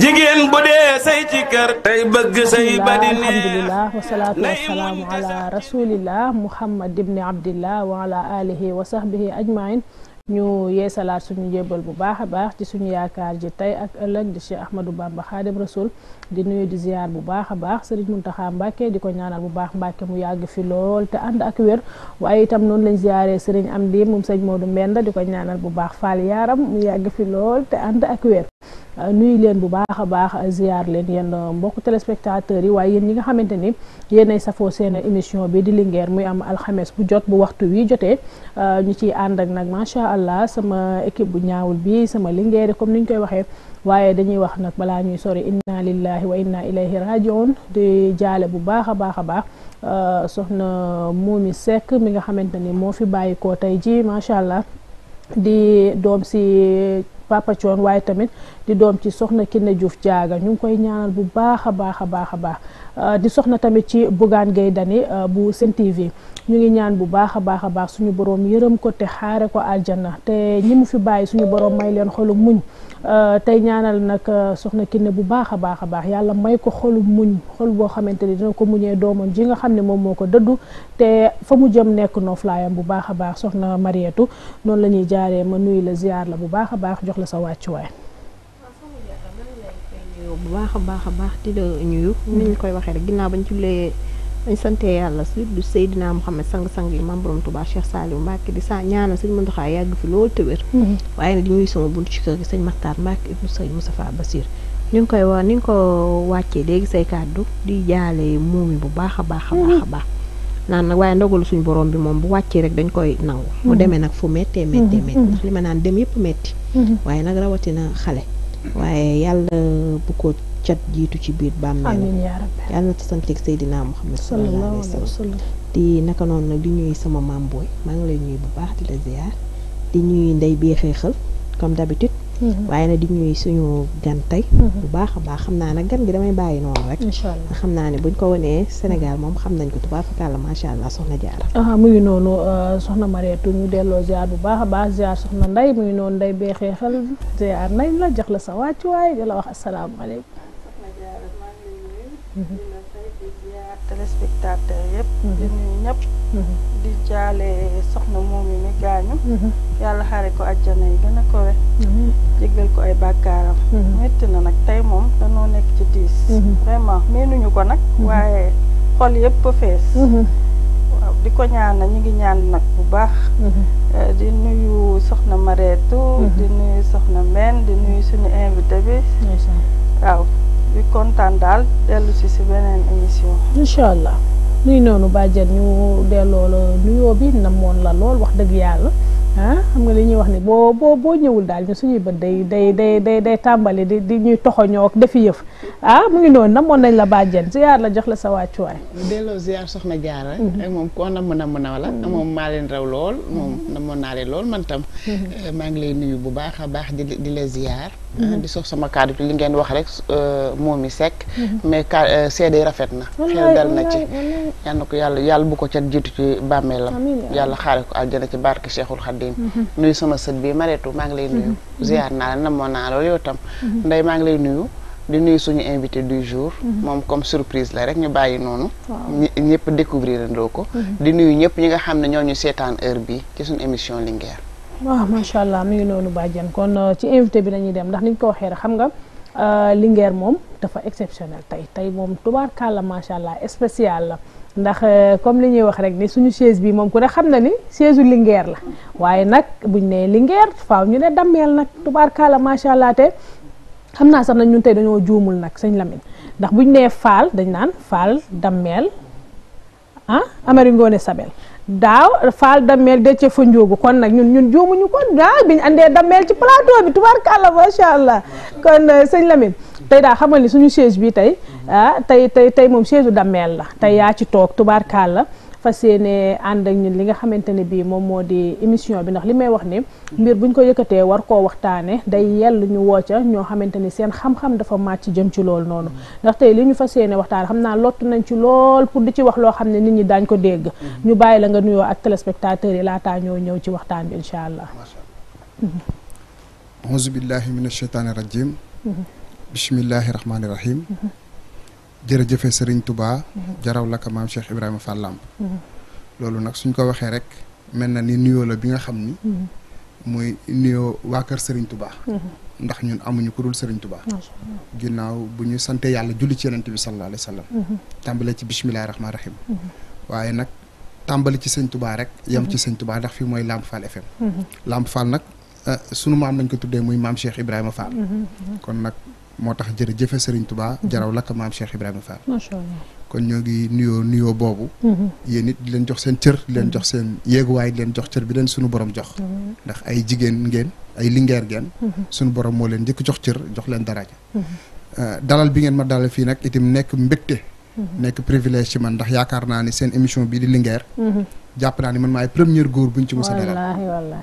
jigen bu dee say ci kër tay bëgg say badi alhamdulillah wa salatu wa salam ala rasulillah muhammad ibn Abdullah wa ala alihi wa sahbihi ajmain ñu yeesalaat suñu jébal bu baaxa baax ci suñu yaakar ji tay ak ëlëk di cheikh ahmadou bamba khadim rasul di nuyu di ziar bu baaxa baax serigne muntaha mbake di ko ñaanal bu baax mbake mu yàgg fi lool te and ak wër waye itam non lañ ziaré serigne am mum serigne modou mbenda di ñaanal bu baax fal yaaram mu yàgg fi lool te and ak wër Euh, nuyu leen bu baax a baax ziar leen yéen euh, mbokku téléspectateurs yi waaye yéen ñi nga xamante ni yéenay safoo seen émission bi di Linguère muy am alxames bu jot bu waxtu wi jotee euh, ñu ci ànd ak nag macha allah sama équipe bu ñaawul bi sama Linguère comme ni ñu koy waxee waaye dañuy wax nag balaa ñuy sori inna lillahi wa inna ilayhi rajiun di jaale bu baax a baax a baax soxna Momy Seck mi nga xamante ni moo fi bàyyi ko tey ji macha allah. di doom si Papa Thione waaye tamit di doom ci soxna Kiné Diouf Diaga ñu ngi koy ñaanal bu baax a baax a baax a baax uh, di soxna tamit ci Bougane gay Dany uh, bu Sen TV ñu ngi ñaan bu baax a baax a baax suñu borom yërëm ko te xaare ko aljanna te ñi mu fi bàyyi suñu borom may leen xolu muñ Euh, tey ñaanal nag euh, soxna Kiné bu baax a baax a baax yàlla may ko xolu muñ xol boo xamante ni dina ko muñee doomam ji nga xam ne moom moo ko dëddu te fa mu jëm nekk noflaayam bu baax a baax soxna Marietu noonu la ñuy jaaree ma nuyu la ziar la bu baax a baax jox la sa wàccuwaay. bu baax a baax a baax di la ñuyu ni koy waxee rek ginnaaw dañ sante yàlla su du Seydina Mouhamed sang-sang yi maam borom Touba Cheikh Saliou Mbacke di sa ñaanal ma Mountakha yàgg fi loolu tëwér mm-hmm. waaye ne di ñuy sama buntu ci kër gi sëñ Makhtar Mbacke ibnu sëñ basiir Bassir ñu koy wa ni nga ko wàccee léegi say kàddu di jaale muumi bu baax a baax a baax a mm-hmm. baax naan nag waaye ndogalu suñu borom bi moom bu wàccee rek dañ koy nangu mu mm-hmm. demee nag fu mettee méttee métti ndax li ma naan dem yëpp métti waaye nag rawatina xale waaye yàlla bu cat jiitu ci biir bàmmeel yàlla na tasanteeg Seydina Muhammad sallallahu alayhi wa sallam di naka noonu nag di ñuy sama maam booy maa ngi lay ñuy bu baax di la ziar di ñuy ndey bee xeexal comme d'habitude mhm. waaye nag di ñuy suñu gan tey mhm. bu baax a baax xam naa nag gan gi damay bàyyi noonu rek nga xam naa ne buñ ko wanee Sénégal moom xam nañ ko tubaab fakàlla macha allah soxna Diarra ah muy noonu euh, soxna Mariétou ñu delloo ziar bu a baax ziar soxna nday muy noonu nday bee xeexal ziar la jox la sa wàccuwaay di la wax asalaamaaleykum dina fay di ziar téléspectateur yëpp di nuyu ñëpp di jaale soxna moom yi mi gaañu yàlla xare ko àjjana yi gën a kowe jéggal ko ay bàkkaaram metti na nag tey moom danoo nekk ci tiis vraiment meenuñu ko nag waaye xol yëpp fees waaw di ko ñaan ñu ngi ñaan nag bu baax eh, di nuyu soxna Mareetu di nuyu soxna Mbène di nuyu suñu invité bi waaw di kontaan daal dellu si beneen émission. incha allah nuy noonu bàjjen ñu delloo la nuyoo bi namoon la lool wax dëgg yàlla ah xam nga li ñuy wax ni boo boo boo ñëwul daal ñu suñuy bët day day day day day tàmbali di di ñuy toxoñoo ak defi yëf. ah mu ngi noonu namoon nañ la bàjjen ziar la jox la sa wàccuwaay. delloo ziar soxna Diarra. Mhm. Eh, moom koo nam mën a mën a wala. Mhm. moom maa leen raw lool mhm. moom namoon naa leen lool man tam. Eh, maa ngi lay nuyu bu baax a baax di di la ziar. Eh, di sox sama kàddu li ngeen wax rek moom i sekk. mais ka seede rafet na. xel dal yàlla yàlla bu ko ca jiitu ci bàmmeelam. yàlla xaare ko aljana ci barke Cheikhul Khadim. sama sët bi Mareetu maa ngi lay nuyu. ziar naa la namoon naa lool yow tam. ndey maa ngi lay nuyu. di nuyu suñu invité du jour. Mhm. moom comme surprise la rek ñu bàyyi noonu. ñëpp découvrir ndoo ko. Mhm. di nuyu ñëpp ñi nga xam ne ñoo ñu seetaan heure bi ci suñu émission Linguère. waaw macha allah mi noonu bàjjan kon euh, ci invité bi lañuy dem ndax niñ ko waxee rek xam nga. Euh, Linguère moom dafa exceptionnel tey tey moom tubaarkàlla macha allah spécial la ndax euh, comme li ñuy wax rek ni suñu chaise bi moom ku ne xam ne ni chaise u Linguère la waaye nag buñ nee Linguère faaw ñu ne dammeel nag tubaarkàlla macha allah te xam naa sax nañ ñun tey dañoo juumul nag sëñ Lamine ndax ñu nee faal dañ naan faal dammeel ah Amari Ngoone Sabel daaw faal dammeel dece fa njóogu kon nag ñun ñun juumuñu kon ah biñ andee dammeel ci plateau bi tubaarkàlla macha allah kon euh, sëñ Lamine tey daa xamal ni suñu chaise bii tey ah tey tey tey moom chaise u dammeel la tey yaa ci toog la fas yéene ànd ak ñun li nga xamante ne bii moom moo di émission bi ndax li may wax ni mbir buñ ko yëkkatee war koo waxtaane day yell ñu wooca ñoo xamante ni seen xam-xam dafa màcc jëm ci loolu noonu ndax tey li ñu fas yéene waxtaan xam naa lottu nañ ci lool pour di ci wax loo xam ne nit ñi daañ ko dégg mm-hmm. ñu bàyyi la nga nuyoo ak téléspectateurs yi laataa ñoo ñëw ci waxtaan bi incha allah auzu mm-hmm. billahi min asheytaani rajim mm-hmm. bismillahi rahmaani rahim a jërëjëfe sëriñ Touba. Mhm. jaraw la ka maam Cheikh Ibrahima Fall Lamp mhm. loolu nag suñ ko waxee rek mel na ni nuyoo la bi nga xam ni mooy mhm. nuyoo waa kër sëriñ Touba. ndax ñun amuñu ku dul sëriñ Touba. ginnaaw bu ñu santee yàlla julli ci yonent bi sallallahu alayhi wa sallam tàmbale ci bismillahi rahmaani rahim waaye nag tàmbali ci sëñ Touba rek yem ci sëñ Touba ndax fi mooy Lamp Fall FM Lamp Fall nag ma eh, maam lañ ko tuddee muy maam Cheikh Ibrahima Fall moo tax jërëjëfe Serigne Touba jaraw lakk maam Cheikh Ibrahima Fall. macha allah kon ñoo ngi nuyoo nuyoo boobu. Mhm. yéen it leen jox seen cër di leen jox seen yéeguwaay di leen jox cër bi leen suñu borom jox. Mhm. ndax ay jigéen ngeen ay lingeer ngeen. Mhm. sunu borom moo leen njëkk jox cër jox leen daraja. Euh, dalal bi ngeen ma dalal fii nag itam nekk mbégte. nekk privilège ci man ndax yaakaar naa ni seen émission bii di lingeer. jàpp naa ni man maay première góor buñ ci mos a dalal.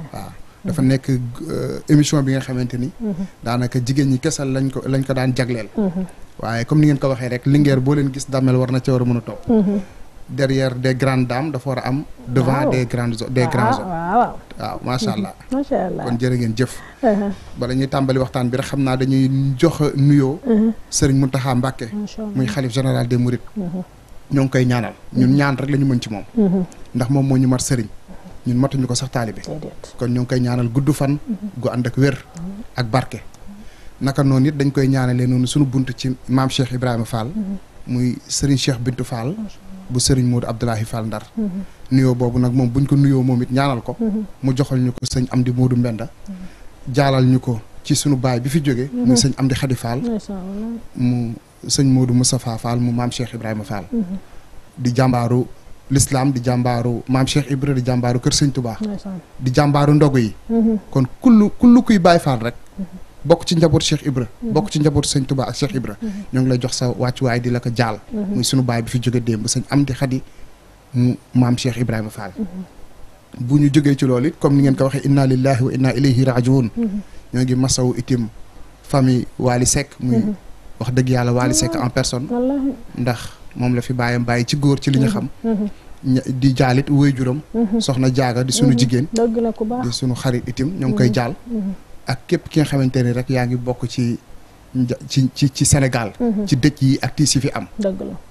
dafa nekk euh, émission bi nga xamante ni. Mhm. daanaka jigéen ñi kesal lañ ko lañ ko daan jagleel. Mhm. waaye comme ni ngeen ko waxee rek Linguère boo leen gis damel war na ca war a mën a topp. Mhm. derrière des grandes dames dafa war a am. devant des grandes des ah, grands ah, hommes. waaw waaw macha allah. macha allah kon ngeen jëf. Uh-huh. bala ñuy tàmbali waxtaan bi rek xam naa dañuy jox nuyoo. Uh-huh. Serigne Mountakha Mbacké. muy xalif général des Mourides. Uh-huh. ñoo ngi koy ñaanal ñun ñaan rek la mën ci moom. ndax moom moo ñu mat ñun matuñu ko sax taalibe kon ñu ngi koy ñaanal gudd fan gu ànd ak wér ak barke naka noonu it dañ koy ñaanalee noonu suñu bunt ci maam Cheikh Ibrahima Fall muy Serigne Cheikh Bintu Fall bu Serigne Modou Abdoulahi Fall Ndar nuyoo boobu nag moom buñ ko nuyoo moom it ñaanal ko mu joxal ñu ko sëñ Amdi Modou Mbenda jaalal ñu ko ci sunu baay bi fi jóge muy sëñ Amdi Khady Fall mu sëñ moodu Moustapha Fall mu maam Cheikh Ibrahima Fall mhm. di jàmbaaru l'islam di jàmbaaru maam Cheikh Ibra di jàmbaaru Kër Sëñ Touba. di jàmbaaru ndogu yi. Mhm. kon kullu kullu kuy Baay Faal rek. Mhm. bokk ci njaboot Cheikh Ibra mhm. bokk ci njaboot sëñ tubaa ak Cheikh Ibra ñoo ngi lay jox sa wàcc wàccuwaay di la ko jaal muy sunu baay bi fi jóge démb sëñ Amdi Xadi mu maam Cheikh Ibrahima Fall bu ñu jógee ci lool it comme ni ngeen ko waxee inna lillahi wa inna ilayhi rajiun ñoo ngi masawu itim famille Waly Seck muy wax dëgg yàlla Waly ah. Seck en personne moom la fi bàyyam bàyyi ci góor ci li ñu mhm. xam mhm. di jaalit wéy juram mhm. soxna jaaga di suñu jigéen di suñu xarit itim ñoo ngi koy jaal ak képp ki nga xamante ni rek yaa ngi bokk ci ci ci ci Sénégal ci dëkk yi ak tiis yi fi am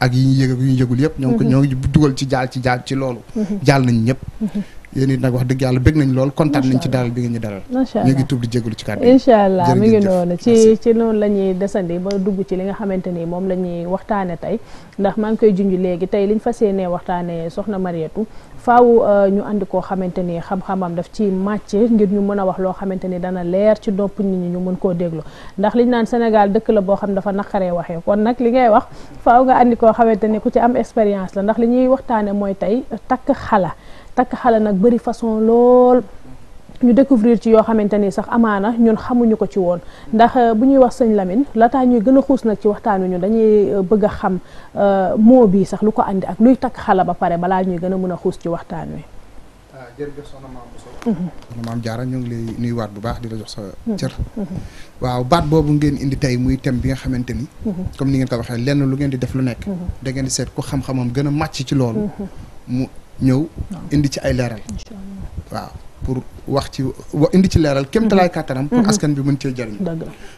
ak yi ñu yëg yu ñu yëgul yëpp ñoo ngi ko ñoo dugal ci jaal ci jaal ci loolu jaal nañ ñëpp yéen it nag wax dëgg yàlla bëgg nañ lool kontaan nañ ci dalal bi nga ñu dalal ñu ngi tuub di incha allah ngi noonu ci ci noonu la ñuy desandi ba dugg ci li nga xamante ni moom la ñuy waxtaane tey ndax maa ngi koy junj léegi tey liñ fas yéenee waxtaane soxna Mariétou faaw euh, ñu andi koo xamante ni xam-xamam daf ci màcc ngir ñu mën a wax loo xamante ni dana leer ci dopp nit ñi ñu mën koo déglu ndax liñ naan Sénégal dëkk la boo xam dafa naqaree waxee kon nag li ngay wax faaw nga andi koo xamante ni ku ci am expérience la ndax li ñuy waxtaane mooy tey takk xala takk xala nag bari façon lool ñu découvrir ci yoo xamante ni sax amaana ñun xamuñu ko ci woon ndax euh, bu ñuy wax sëñ Lamine lataa ñuy gën a xuus nag ci waxtaan wi ñu dañuy euh, bëgg a xam euh, moo bii sax lu ko andi ak luy takk xala ba pare balaa ñuy gën a mën a xuus ci waxtaan wi. Ah, jërëjëf soxna maam Bousso. Mhm. maam Diarra ñu ngi lay nuyuwaat bu baax di la jox sa mhm. cër. Mhm. waaw baat boobu ngeen indi tey muy thème bi nga xamante ni. comme ni ngeen ko waxee lenn lu ngeen di def lu nekk. da di seet ku xam-xamam gën a màcc ci loolu. ñëw indi ci ay leeral waaw pour wax ci wa indi ci leeral kem mhm. talaay kàttanam pour mhm. askan bi mën cee jëriñ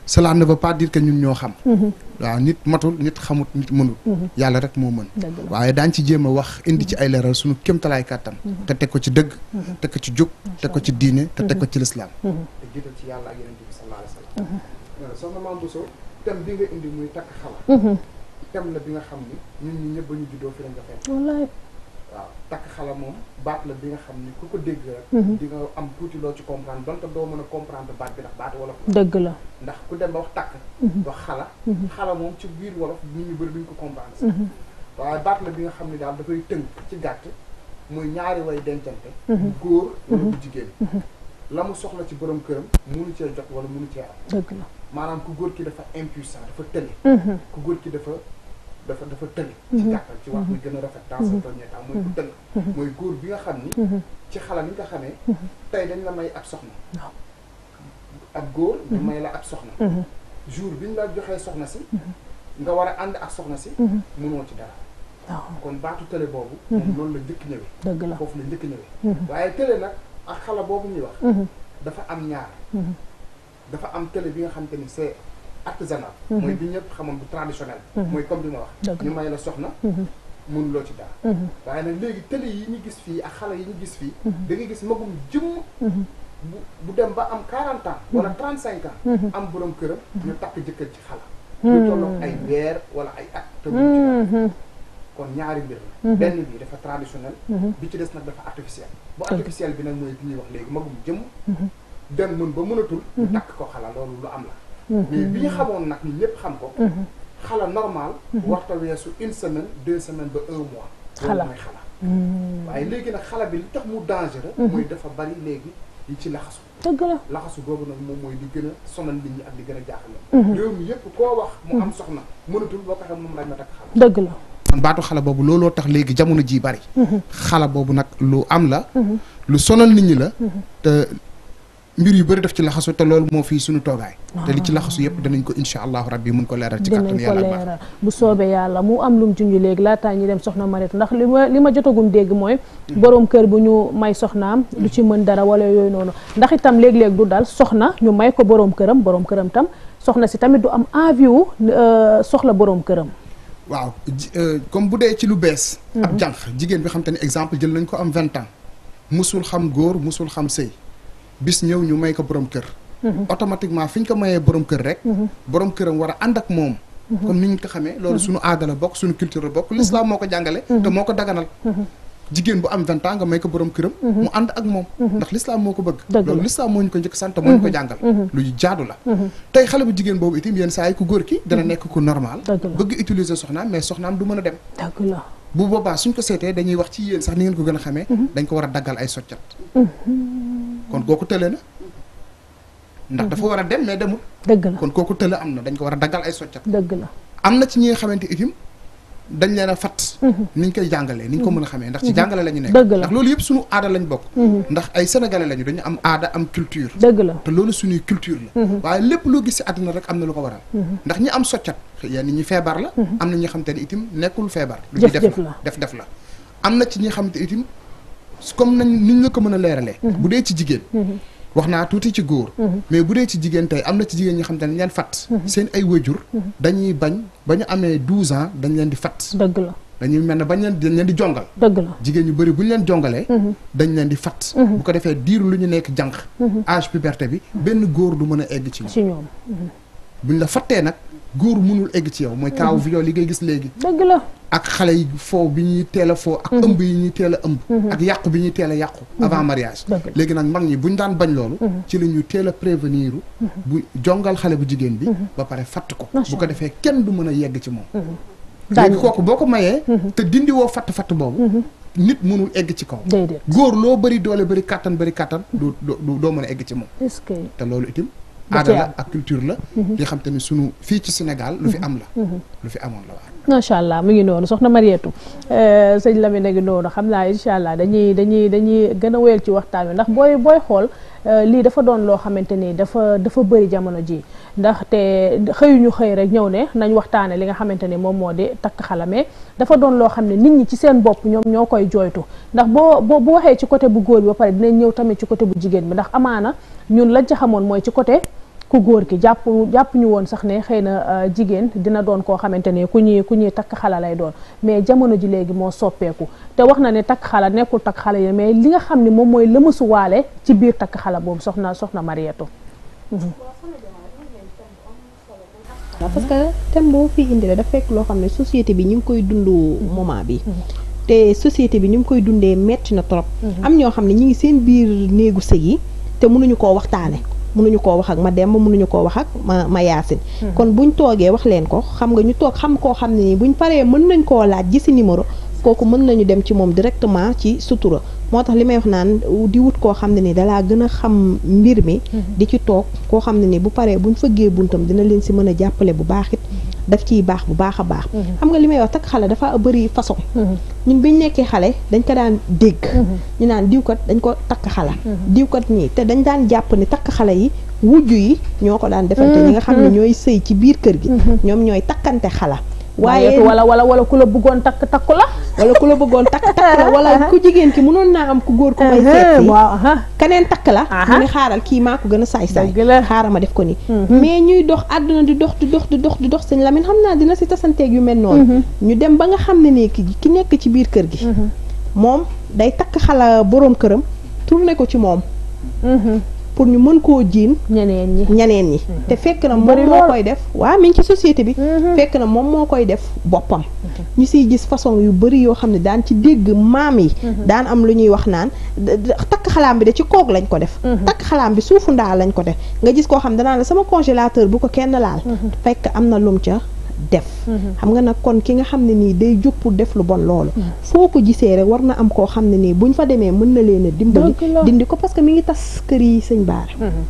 cela ne veut pas dire que ñun ñoo xam mhm. waaw nit matul nit xamut nit mënul yàlla rek moo mën waaye daañ ci jéem a wax indi ci ay leeral suñu kem talaay kàttan te teg ko ci dëgg teg ko ci jub teg ko ci diine te teg ko ci lislaam te jiital ci yàlla ak yeneen bi euh, nga indi muy takk xala thème la bi nga xam ni ñun ñi ñëpp ba ñu juddoo fi lañ ko fekk waaw takk xala moom baat la bi nga xam ni ku ko dégg rek. Mhm. di nga am tuuti loo ci comprendre donte doo mën a comprendre baat bi ndax baat wolof la. dëgg la ndax ku dem ba wax takk. Mhm. wax xala. Mhm. xala moom ci biir wolof nit ñu bëri duñ ko comprendre. waaye baat la bi nga xam ne daal dafay tënk ci gàtt muy ñaari way dencante. bu góor wala bu jigéen. la mu soxla ci borom këram munu cee jot wala munu cee am. dëgg la maanaam ku góor ki dafa impuissant dafa tële. ku góor ki dafa. dafa dafa tënk. ci gàttal ci wax muy gën a rafet dans ce premier temps mooy ku tënk. mooy góor bi nga xam ni. ci xalam yi nga xamee. tey dañ la may ab soxna. ak góor ñu may la ab soxna. jour bi ñu la joxee soxna si. nga war a ànd ak soxna si. mënoo ci dara. kon baatu tële boobu. moom loolu la njëkk ñëwee. dëgg la foofu la njëkk ñëwee. waaye tële nag ak xala boobu ñuy wax. dafa am ñaar. dafa am tële bi nga xam te ni c'est artisanal moy mhm. bi ñepp xamam bu traditionnel moy mhm. comme li wax ñu may la soxna mhm. mënu lo ci dara waye nak léegi télé yi ñu gis fi ak xala yi ñu gis fi da nga gis magum jëm bu dem ba am 40 ans wala 35 ans am borom kërëm ñu takk jëkkër ci xala ñu tollu ay weer wala ay at te kon ñaari mbir la benn bi dafa traditionnel bi ci dess nak dafa artificiel bu artificiel bi nak moy bi ñuy wax léegi magum jëm dem mun ba mënatul tak ko xala loolu lu am la mais bi ñu xamoon nag ni ñëpp xam ko. xala normal. warta weesu une semaine deux semaines ba un mois. xala mooy xala. waaye léegi nag xala bi li tax mu dangereux. mooy dafa bari léegi yi ci laxasu. dëgg la laxasu boobu nag moom mooy li gën a sonal nit ñi ak li gën a jaaxal. réew mi yëpp koo wax. mu am soxna mënatul boo ko xam moom lañ la takk xala. dëgg la. kon baatu xala boobu looloo tax léegi jamono ji bari. xala boobu nag lu am la. lu sonal nit ñi la te. mbir yu bari def ci laxasu te loolu moo fii suñu toogaay ah. te li ci laxasu yëpp danañ ko incha allahu rabbi mun ko leeral ci kàttanu yàlla dinañ ko leeral bu soobee yàlla mu am lum junj léegi laataa ñu dem soxna Mariétou ndax li ma li ma jotagum dégg mooy borom kër bu ñu may soxnaam du ci mën dara wala yooyu noonu ndax itam léeg-léeg du dal soxna ñu may ko boroom këram boroom këram tam soxna si tamit du am envie wu euh, soxla borom këram waaw euh, comme bu dee ci lu bees ab mhm. jànq jigéen bi xam te ne exemple jël nañ ko am vingt ans musul xam góor musul xam sëy bis ñëw ñu may ko borom kër. Mhm. automatiquement fi ñu ko mayee borom kër rek. Mhm. borom këram war a ànd ak moom. Mhm. comme ni ñu ko xamee. loolu suñu aada bokk suñu culture la bokk. l'islam moo ko jàngale. te moo ko daganal. jigéen moo ko bëgg. loolu l'islam moo ñu ko njëkk sant moo ñu ko jàngal. lu jaadu la. tey xale bu jigéen boobu itam yenn saa yi ku góor ki dana nekk ku normal. bëgg utiliser soxnaam mais soxnaam du mën a dem. bu boobaa suñ ko seetee dañuy wax ci yéen sax ni ngeen ko gën a xamee. Mhm. dañ ko war a daggal ay soccat. Mhm. kon kooku tële na. ndax dafa mhm. war a dem mais demul. dëgg la kon kooku tële am na dañ ko war a daggal ay soccat. dëgg la am na ci ñi nga xamante itim dañ leen a fat mhm. ni ñu koy jàngalee ni ñu ko mhm. mën a xamee ndax ci mhm. jàngale la ñu nekk ndax loolu yëpp suñu aada lañ bokk ndax ay sénégalais lañu dañu am aada am culture dëgg la te loolu suñuy culture la waaye lépp loo gis ci àddina rek am na lu ko waral ndax ñi am soccat yenn ñi feebar la am na ñi xam te ne itam nekkul feebar lu ñu def la def def la am na ci ñi xam te itam comme nañ niñ la ko mën a leeralee bu dee ci jigéen wax naa tuuti ci góor. Mhm. mais bu dee ci jigéen tey am na ci jigéen ñi xam ne dañ leen fat. Mhm. seen ay wëjur. Mhm. dañuy bañ ba ñu amee 12 ans dañ leen di fat. dëgg la dañuy mel ne bañ leen dañ leen di jongal. dëgg jigéen ñu bëri bu ñu leen jongalee. dañ leen di fat. bu ko defee diiru lu ñu nekk jànq. âge puberté bi benn góor du mën a egg ci ñoom. ci ñoom. buñ la fattee nag góor mënul egg ci yow. mooy kaaw viol li ngay gis léegi. dëgg la. ak xale yi foo bi ñuy teel a foo ak mhm. ëmb yi ñuy teel a ëmb mhm. ak yàqu bi ñuy teel a yàqu mhm. avant mariage léegi nag mag ñi buñ daan bañ loolu ci la ñu teel a prévenir bu jongal xale bu jigéen bi ba pare fatt ko bu ko defee kenn du mën a yegg ci moom léegi kooku boo ko mayee te dindi woo fatt fatt boobu nit mënul egg ci kaw góor loo bari doole bëri kàttan bëri kàttan du doo mën a egg ci moom te loolu itim aada la ak culture la li mhm. xam te ne sunu fii ci Sénégal lu fi mhm. am la mhm. lu fi amoon la waaw macha allah mu ngi noonu soxna Mariétu euh, sëñ Lamine ngi noonu xam naa incha allah dañuy dañuy dañuy gën a wéyal ci waxtaan wi ndax booy booy xool euh, lii dafa doon loo xamante ni dafa dafa bëri jamono ji ndaxte xëyuñu xëy rek ñëw ne nañ waxtaane li nga xamante ni moom moo di takk xalame dafa doon loo xam ne nit ñi ci seen bopp ñoom ñoo koy jooytu ndax boo boo bu waxee ci côté bu góor bi ba pare dinañ ñëw tamit ci côté jigéen bi ndax amaana ñun lañ ci xamoon mooy ci côté ku góor ki jàpp jàpp ñu woon sax ne xëy na euh, jigéen dina doon koo xamante ne ku ñuy ku ñuy takk xala lay doon mais jamono ji léegi moo soppeeku te wax na ne takk xala nekkul takk xala yi mais li nga xam ne moom mooy lëmasu waale ci biir takk xala boobu soxna soxna Mariétou mhm. parce que thème boo fi indi la daf fekk loo xam ne société bi ñu ngi koy dundu moment bi mhm. te société bi ñu ngi koy dundee metti na trop mhm. am ñoo xam ne ñu ngi seen biir néegu sëy yi te mënuñu koo waxtaane mënuñu koo wax ak ma demb mënuñu koo wax ak ma ma yaasin hmm. kon bu ñu toogee wax leen ko xam nga ñu toog xam koo xam ne nii buñ paree mën nañ koo laaj gisi numéro kooku mën nañu dem ci moom directement ci sutura moo tax li may wax naan uh, di wut koo xam ne ni dalaa gën a xam mbir mi hmm. di ci toog koo xam ne ni bu paree buñ fëggee buntam dina leen si mën a jàppale bu baax it hmm. daf ciy baax bu baax a baax. Mm-hmm. xam nga li may wax takk xale dafa bëri façon. Mm-hmm. ñun bi ñu nekkee xale dañ ko daan dégg. Mm-hmm. ñu naan diwkat dañ ko takk xala. diwkat ñii te dañ daan jàpp ni takk xale yi wujj yi ñoo ko daan defante ni nga xam ne ñooy sëy ci biir kër gi. ñoom ñooy takkante xalaat waaye wala wala wala ku la bëggoon takk takku la wala ku la bëggoon takk takk la wala ku jigéen ki mënoon naa am ku góor ko may seeti keneen takk la mu ne xaaral kii maa ko gën a saay saay xaaral ma def ko ni mhm. mais ñuy dox àdduna di dox di dox di dox di dox sëñ lamin xam naa dina si tasanteeg yu mel noonu mhm. ñu dem ba nga xam ne nii ki nekk ci biir kër gi mhm. moom day takk xala boroom këram tourné ko ci moom pour ñu mën koo jiin ñeneen ñi ñeneen ñi mm-hmm. te fekk na moom moo koy def waa mi ci société bi mm-hmm. fekk na moom moo koy def boppam mm-hmm. ñu siy gis façon yu bëri yoo xam ne daan ci dégg maam yi daan am lu ñuy wax naan takk xalaam bi de ci koog lañ ko def takk xalaam bi suufu ndaa lañ ko def nga gis koo xam ne danaan la sama congélateur bu ko kenn laal fekk am na lum ca def mm-hmm. xam nga nag kon ki nga xam ne nii day jóg pour def lu bon loolu mm-hmm. foo ko gisee rek war na am koo xam ne nii buñ fa demee mën na leen a dimbali dindi ko parce que mi ngi tas kër yi sëñ Bara mm-hmm.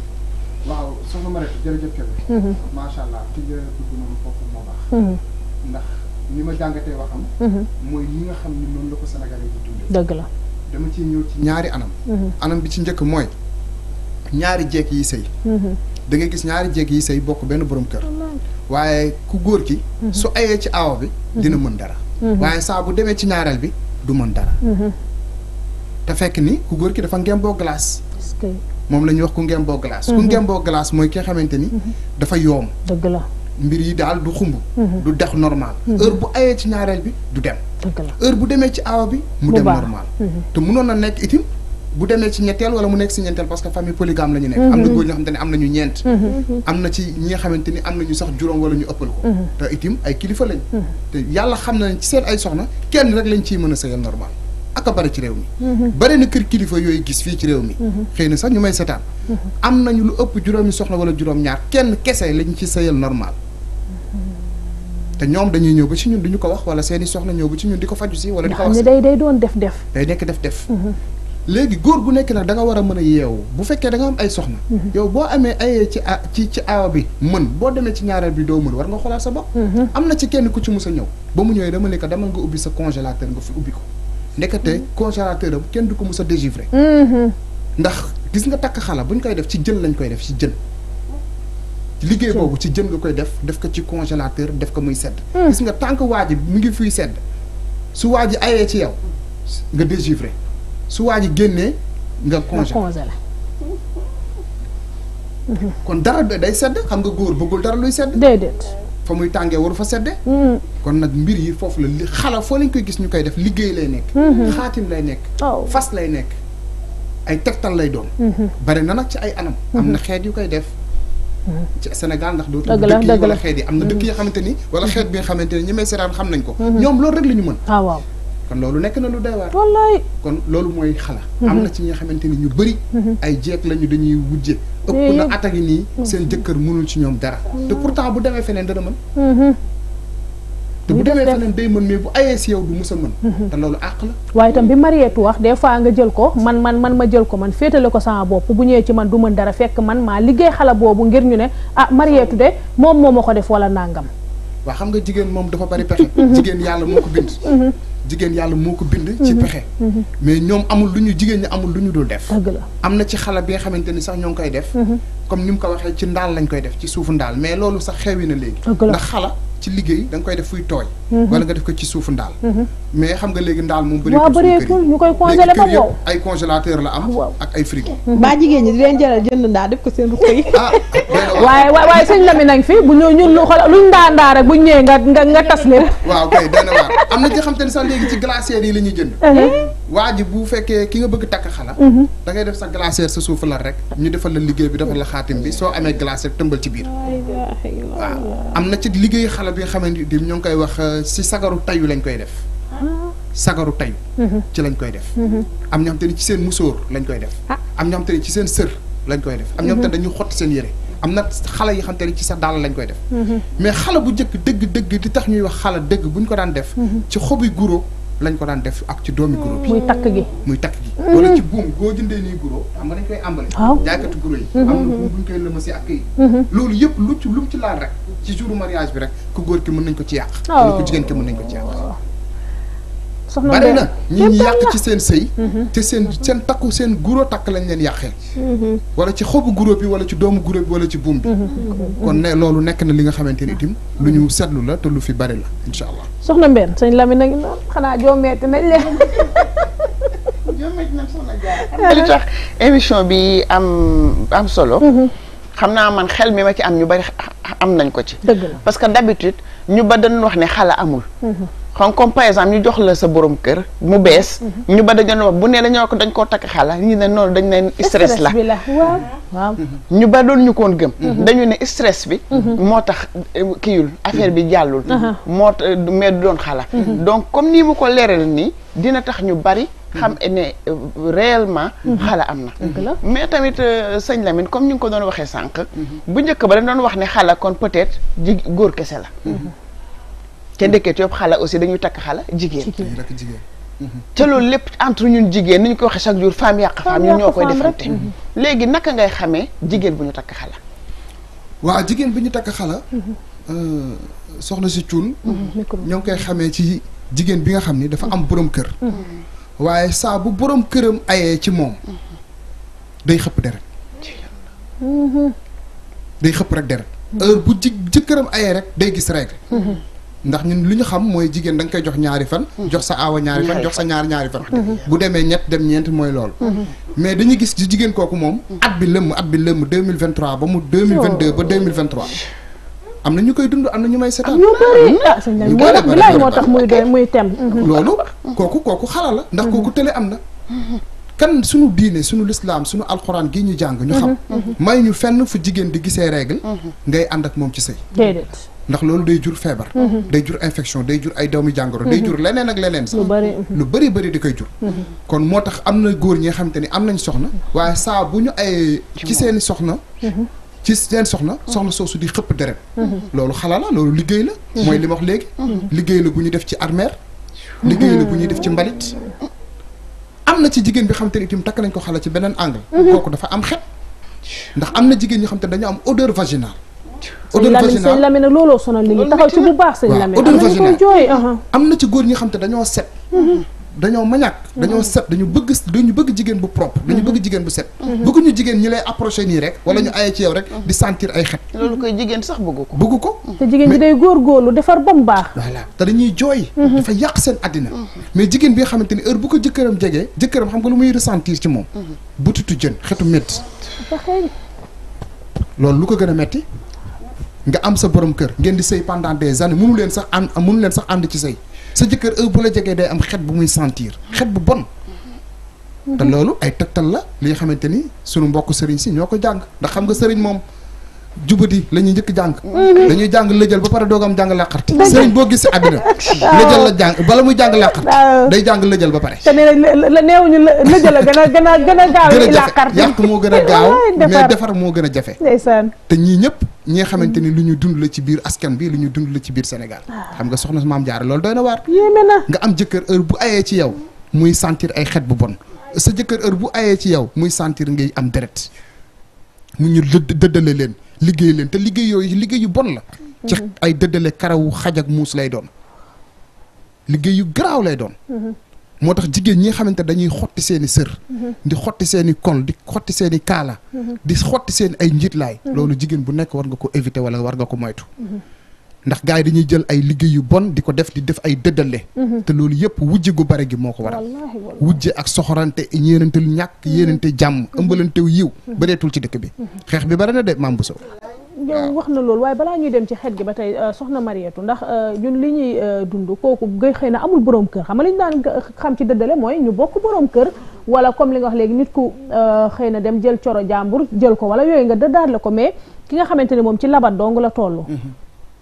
waaw soxna Mariétou macha allah ti ma jàngatee waxam mooy li nga xam ne noonu la ko sénégalais dëgg la dama ci ñëw ci ñaari anam anam bi ci njëkk mooy ñaari jeeg yi sëy da ngay gis ñaari jeeg yi sëy bokk benn borom kër waaye ku góor ki. Mhm. su ayee ci awo bi. Mhm. dina mën dara. Mhm. waaye saa bu demee ci ñaareel bi du mën dara. te fekk ni ku góor ki dafa ngemboo glace. moom la ñuy wax ku ngemboo glace. ku ngemboo glace mooy ki xamante ni. dafa yoom dëgg la mbir yi daal du xumb. du dex normal. heure bu ayee ci ñaareel bi du dem. heure bu demee ci awo bi mu dem normal. te mënoon na nekk itim. bu demee ci ñetteel wala mu nekk si ñeenteel parce que famille polygame la ñu nekk. am na mhm. góor ñeent. Mhm. am na ci ñi nga xamante ni am nañu sax juróom wala ñu ëppal ko. Mhm. te itim ay kilifa lañ. te yàlla xam na ci seen ay soxna kenn rek lañ ciy mën a sëyal normal ak a ci réew mi. bari na kër kilifa yooyu gis fii ci réew mi. xëy na sax ñu may setaan. am nañu lu ëpp juróomi soxna wala juróom-ñaar kenn kese lañ ci sëyal normal. te ñoom dañuy ñëw ba ci ñun duñu ko wax wala seeni soxna ñëw ba ci ñun di ko faju si wala di ko wax day day doon def day nekk def def léegi góor gu nekk nag da war a mën a yeewu bu fekkee danga am ay soxna. Mhm. yow boo amee ayee ci a ci ci aawa bi mën boo demee ci ñaareel bi doo mën war nga xoolaat sa bopp. Mhm. am na ci kenn ku ci mus a ñëw ba mu ñëwee dama ne ko demal nga ubbi sa congélateur nga fi ubbi ko ndekete mhm. congélateur am kenn du ko mus a dégivrer. ndax gis nga takk xalaat bu ñu koy def ci jën lañ koy def ci jën. liggéey boobu ci jën nga koy def def ko ci congélateur def ko muy sedd. gis nga tànk waa ji mu ngi fuy sedd su waa ji ayee ci yow nga dégivrer. su waa ji génnee nga congé la kon dara day sedd xam nga góor bëggul dara luy sedd déedéet fa muy tàngee waru fa sedde hmm. kon nag mbir yi foofu la li xala foo lañ koy gis ñu koy def liggéey lay nekk hmm. xaatim lay nekk oh. fas lay nekk ay tegtal lay doon hmm. bari na nag ci ay anam am na xeet yu koy def ci Sénégal ndax dootul dëkk yi wala xeet yi am na dëkk yoo xamante ni wala xeet bi nga xamante ni ñi may xam nañ ko ñoom loolu rek la ñu mën ah, waaw kon lolu nek na lu doy war wallahi kon lolu moy xala mhm. amna ci ñi nga xamante ñu bari mhm. ay jek lañu dañuy wujje ëpp na attaque ni mhm. seen jëkkeer mënul ci ñom dara te pourtant bu démé fenen dana mën te bu démé fenen day mën mais bu ayé ci yow du mësa mën te lolu ak la waaye tam bi marié tu wax des fois nga jël ko man man man ma jël ko man fétalé ko sama bop bu ñëw ci man du mën dara fekk man ma liggé xala bobu ngir ñu né ah marié tu dé mom momako def wala nangam wa xam nga jigen mom dafa bari pexe jigen yalla moko bind jigéen yàlla moo ko bind. ci mhm. pexe. Mhm. mais ñoom amul lu ñu jigéen ñi amul lu ñu dul def. am na ci xale bi nga xamante ni sax ñoo ngi koy def. Mhm. comme ni mu ko waxee ci ndaal lañ koy def ci suufu ndaal mais loolu sax xewi na léegi ndax xala ci liggéey da koy def fuy tooy mhm. wala nga def ko ci suufu ndaal mhm. mais xam nga léegi ndaal moom bëreetul ñu koy congelé ba wow la am ak ay frigo mhm. baa jigéen ñi di leen jënd ndaa def ko seen ruq yi ah, ah, ah, waaye waaye sëñ Lamine nañ fi bu ñu ñun lu xool luñ ndaa ndaa rek bu ñëwee nga nga nga tas leen waaw kay dana waar am na ci xam te ne sax léegi ci glacière yi la ñuy jënd eh, eh. waa ji bu fekkee ki nga bëgg takk xala mhm. dangay ngay def sa glacière sa suuf la rek ñu defal la liggéey bi defal la xaatim bi soo amee glacière tëmbal ci biir am na ci liggéey xala bi nga xamante di ñoo ngi koy wax euh, si sagaru tayu lañ koy def ah. sagaru tayu mhm. ci lañ koy def mhm. am ñoo xam ci seen musóor lañ koy def ah. am ñoo xam ci seen sër lañ koy def am ñoo xam dañuy xotti seen yére am na xala yi xam ne ci sa daal lañ koy def mais xala bu njëkk dëgg dëgg di tax ñuy wax xalaat dëgg buñ ko daan def ci xobi guro lañ ko daan def ak ci doomi guro bi. muy takk gi muy takk gi. wala mm-hmm. ci buum boo jëndee nii guro xam nga koy àmbale. waaw jaaykatu guro yi. Mm-hmm. am na buum buñ koy lëmasi ak kii. Mm-hmm. loolu yëpp lu ci lu ci laal rek ci jouru mariage bi rek ku góor ki mën nañ ko ci yàq. Oh. wala ku jigéen ki mën nañ ko ci yàq. soxna bari na ñu ñu yàq ci seen sëy mm-hmm. te seen seen takku seen guro takk lañ leen yàqee mm-hmm. wala ci xobu guro bi wala ci doomu guro bi wala ci buum bi mm-hmm. kon ne loolu nekk na li nga xamante ni itam lu ñu seetlu la te lu fi bari la incha allah soxna Mbène sëñ Lamine a ngi noonu xanaa joomeeti nañ leen joomeeti nañ tax émission bi am am solo xam naa man xel mi ma ci am ñu bari am nañ ko ci parce que d'habitude ñu ba dañ wax ne xala amul xam comme par exemple ñu jox la sa borom kër mu bees. Mhm. ñu ba dañu wax bu nee dañoo ko dañ koo takk xala ñu ne noonu dañ leen stress la waaw mhm. ñu ba doon ñu koon gëm. Mhm. dañu ne stress bi. moo tax eh, kiyul affaire bi jàllul. moo tax mais doon xala. donc comme nii mu ko leeral nii dina tax ñu bari. xam ne eh, réellement. xala am na. mais tamit euh, sëñ Lamine comme ñu ngi ko doon waxee sànq. bu njëkk ba dañ doon wax ne xala kon peut-être ji góor kese la. te ndeket yëpp xala aussi dañuy takk xale jigéen té mhm. lool lépp entre ñun jigéen ñu ko waxee chaque jour femme yaq femme ñu ñokoy koy defante légui naka ngay xamé jigéen buñu tak xala wa jigéen buñu tak xala mhm. euh soxna ci cuun mhm, ñoo ngi koy xamé ci jigéen bi nga xamni dafa am borom kër waaye sa bu borom kërëm ayé ci mom day xëpp deret day xëpp rek dér heure bu ji ayé rek day gis règle ndax ñu lu ñu xam mooy jigéen da koy jox ñaari fan hmm. jox sa aawa ñaari fan jox sa ñaari ñaari fan hmm. bu demee ñett dem ñeent mooy loolu hmm. mais dañu gis ci jigéen kooku moom at bi lëmm at bi lëm deux mille vingt trois ba mu deux mille vingt deux ba oh. deux mille trois am na ñu koy dund am na ñu may setaan ñu bëri ah sëñ bi laay moo tax muy doy kooku kooku xalala ndax kooku tële am na kan suñu diine suñu lislaam suñu alxuraan gi ñu jàng ñu xam may ñu fenn fu jigéen di gisee règle ngay ànd ak moom ci sëy ndax lolou day jur febar day jur infection day jur ay dawmi jàngoro. day jur leneen ak leneen sax. lu bari bari bëri di koy jur. kon motax amna am góor ñi xamanteni amnañ soxna. waaye sa buñu ay ci seen soxna. ci seen soxna soxna soosu di xep deret. lolou xala la loolu liggéey la. moy li wax léegi. liggey la buñu def ci armer liggey la buñu def ci mbalit. amna ci jigen bi xamanteni tim tak nañ ko xala ci benen angle. koku dafa am xet. ndax amna jigen ñi xamanteni dañu am odeur vaginale. sëñ Lamine sëñ Lamine nag looloo sonal a ñi taxaw ci bu baax sëñ Lamine na ñu xam te dañoo set dañoo mañaak dañoo set dañu bëgg dañu bëgg jigéen bu propre dañu bëgg jigéen bu set mhm. bëgguñu jigéen ñi lay approché nii rek wala ñu mhm. aye ci yow rek mhm. di sentir ay xet loolu sax bëgg ko bëgg ko te jigéen ji day ba mu baax voilà te dañuy jooy dafa yàq seen àddina mais jigéen bi xamante ni heure bu ko jëkkëram jegee jëkkëram xam nga lu muy ressentir ci moom butitu jën xetu métti loolu lu ko gën a metti nga am sa borom kër ngeen di sëy pendant des années mënu leen sax ànd mënu leen sax ànd ci sëy sa jëkkër heure bu la jegee day am xet bu muy sentir xet bu bon mm-hmm. te loolu ay tegtal la li nga xamante ni sunu mbokk sëriñ si ñoo ko jàng ndax xam nga sëriñ moom jubadi la ñuy njëkk jàng mhm. dañuy jàng lëjal ba pare doog am jàng làqarti sëriñ boo gis si àddina lëjal la jàng bala muy jàng làqarti day jàng lëjal ba pare te ne neewuñu lëjal la gën a gën a gën a gaaw làqarti yàq moo gën a gaaw mais defar moo gën a jafe ndeysaan te ñii ñëpp ñi nga xamante ni mm. lu ñu dund la ci biir askan bi lu ñu dund la ci biir Sénégal ah. xam nga soxna maam jaare loolu doy na waar nga am jëkkër heure bu ayee ci yow muy sentir ay xet bu bon sa jëkkër heure bu ayee ci yow muy sentir ngay am deret mu ñu dëddale leen liggéey leen te liggéey yooyu liggéey yu bon la. ci mm-hmm. ay dëddale karawu xaj ak muus lay doon liggéey yu garaaw lay doon. Mm-hmm. moo tax jigéen ñi nga xamante dañuy xotti seen i sër. Mm-hmm. di xotti seen kol di xotti seen i kaala. di xotti seen ay njiitlaay. loolu jigéen bu nekk war nga ko éviter wala war nga ko moytu. ndax gars yi dañuy jël ay liggéey yu bon di ko def di def ay dëddale. Mhm. te loolu yëpp wujj gu bare gi moo ko waral. wujje ak soxorante ñeenante lu ñàkk mhm. yéenante jàmm mhm. ëmbalante wu yiw. bareetul ci dëkk bi. xeex bi bare na de maam bu sow. yow wax na loolu waaye balaa ñuy dem ci xeet gi ba tey euh, soxna Mariétu ndax euh, ñun li ñuy euh, dund kooku gay xëy na amul borom kër xam nga li ñu daan xam ci dëddale mooy ñu bokk borom kër wala comme li nga wax léegi nit ku xëy na dem jël coro jàmbur jël ko wala yooyu nga dëddaat la ko mais ki nga xamante ne moom ci labat dong la toll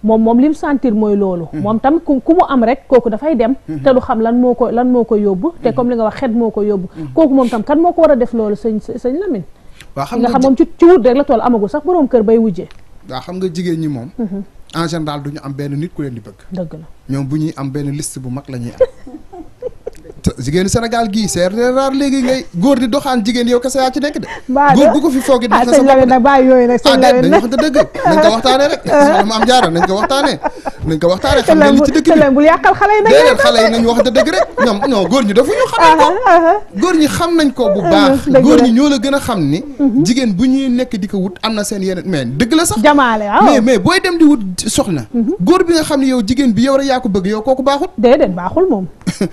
moom moom li mu sentir mooy loolu hmm. moom tamit ku ku mu am rek kooku dafay dem hmm. te du xam lan moo ko lan moo ko yóbbu te hmm. comme li nga wax xet moo ko yóbbu kooku moom tam kan moo ko war a def loolu sëñ sëñ Lamine waaw xam nga xam moom ci ci wut rek la tool amagul sax boroom kër bay wujjee waaw xam nga jigéen ñi moom en général du ñu am benn nit ku leen di bëgg dëgg ñoom bu ñuy am benn liste bu mag la ñuy am jigéenu Sénégal gii c'est rare léegi ngay góor di doxaan jigéen yow kese yaa ci nekk de. góor bu ko fi foogee. ah sëñ Lamine nag bàyyi yooyu nag sëñ ah, Lamine nag nañ ko waxtaanee rek. ko waxtaanee. nañ ko waxtaanee xam nga li ci dëkk bi sëñ ñi dafa uh-huh, uh-huh. xam nañ ko bu uh-huh, baax. góor ñi ñoo la gën a xam ni. jigéen bu ñuy nekk di ko wut am na seen yeneen mais dëgg la sax. jamaale waaw mais booy dem di wut soxna. góor bi xam ne yow jigéen bi yow rek yaa ko bëgg yow kooku baaxul. déedéet baaxul moom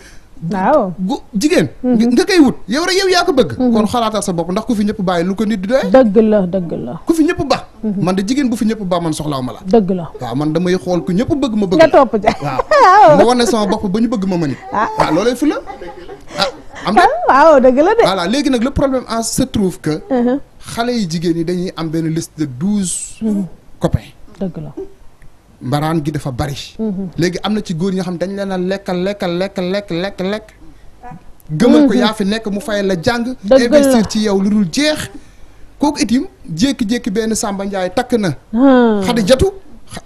waaw gu jigéen. Mhm. nga koy wut yow rek yow yaa ko bëgg. Mhm. kon xalaatal sa bopp ndax ku fi ñëpp bàyyi lu ko nit di doyee. dëgg la dëgg la. ku fi ñëpp ba. Mhm. man de jigéen bu fi ñëpp ba man soxlaaw ma la. dëgg la waaw man damay xool ku ñëpp bëgg ma bëgg. nga topp ja waaw ma wane sama bopp ba ñu bëgg ma ma nit. Ah. waaw loolay fu la ah, am na ah, waaw dëgg la de. léegi nag la problème en se trouve que. Uh-huh. xale yi jigéen yi dañuy am benn liste de douze. copains dëgg la. mbaraan gi dafa bari. léegi am na ci góor ñoo xam dañ leen a lekkal lekkal lekkal lekk lekk lekk. gëmal ko yaa fi nekk mu fay la jàng. investir ci yow lu dul jeex. kooku itim jékki-jékki benn sàmba Ndiaye takk na. Ah. xadi jatu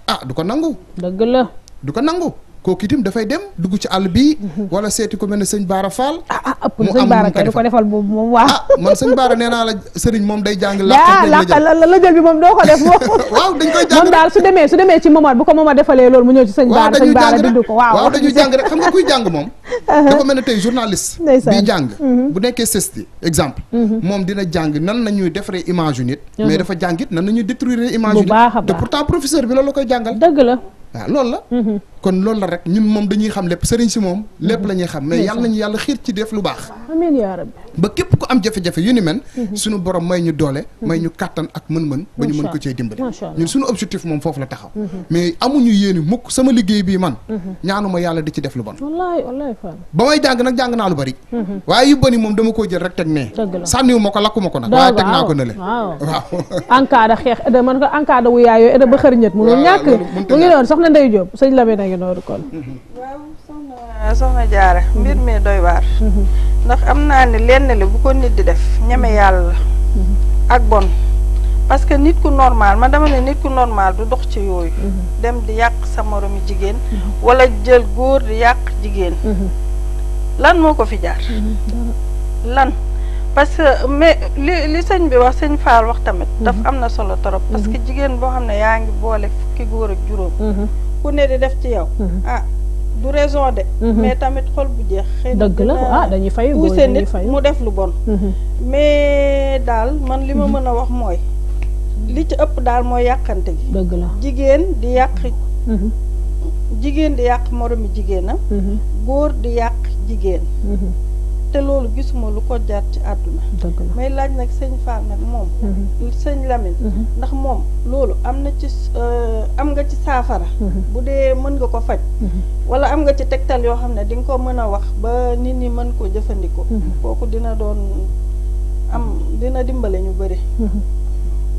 ah du ko nangu. dëgg la du ko nangu. kooku itam dafay dem dugg ci àll bi. Mhm. wala seeti ku mel ne sëñ Baara Fall. ah ah ëpp na sëñ Baara kay du ko defal boobu moom waaw. ah sëñ Baara nee naa la sëriñ moom day jàng. làq la la bi moom doo daal su demee demee ci Momar bu ko Momar defalee loolu mu ñëw ci sëñ Baara sëñ ko waaw dañuy jàng rek xam nga kuy jàng moom. Uh-huh. dafa mel ne tey journaliste. bi jàng. Mm-hmm. bu nekkee CESTI exemple. Mm-hmm. moom dina jàng nan la ñuy defaree image yu nit. Mm-hmm. mais dafa jàng it nan la ñuy détruire image yu nit. te pourtant professeur bi loolu la koy jàngal dëgg la waaw la. Mhm. kon loolu la rek ñun moom dañuy xam lépp sëriñ si moom. Mhm. lépp la ñuy xam mais yàlla nañu yàlla xiir ci def lu baax. amiin yaa rabbi ba képp ku am jafe-jafe yu ni mel. Mhm. suñu borom may ñu doole. may objectif moom foofu la taxaw. mais amuñu yéeni mukk sama liggéey bii man. ñaanuma yàlla di ci def lu bon. ba may jàng nag jàng naa lu bari. waaye yu bari moom dama koo jël rek teg nee. dëgg ko lakkuma ko nag. waaye teg naa ko nële waaw waaw. ANCAR xeex man ko ANCAR wu yaayoo ba xër soxna Ndeye Diop sëñ Lamine a ngi nooru kon. waaw soxna soxna mbir mi doy waar. ndax am naa ne lenn li bu ko nit di def ñeme yàlla. ak bon parce que nit ku normal ma dama ne nit ku normal du dox ci yooyu. dem di yàq sa moromu jigéen. walla jël góor di yàq jigéen. lan moo ko fi jaar. lan. parce que mais li li sëñ bi wax sëñ Fall wax tamit. Mhm. daf am na solo trop. parce que mhm. jigéen boo xam ne yaa ngi boole fukki góor ak juróom. Mhm. ku ne di def ci yow. ah du raison de. mais tamit xol bu jeex. xëy dëgg la ah dañuy fay poussé nit mu def lu bon. mais daal man li ma mën a wax mooy. li ci ëpp daal mooy yàqante gi. dëgg la jigéen di yàq. jigéen di yàq moroomi jigéen jigéenam. góor di yàq jigéen. te loolu gisuma lu ko jaar ci aduna may laaj nak seigne Fall nak mom mm-hmm. seigne Lamine mm-hmm. ndax mom am na ci euh, am nga ci safara mm-hmm. budé mën nga ko fajj wala am nga ci tektal yo xamné ding ko mën wax ba nit ñi mën ko jëfëndiko koku dina doon am dina dimbalé ñu bëré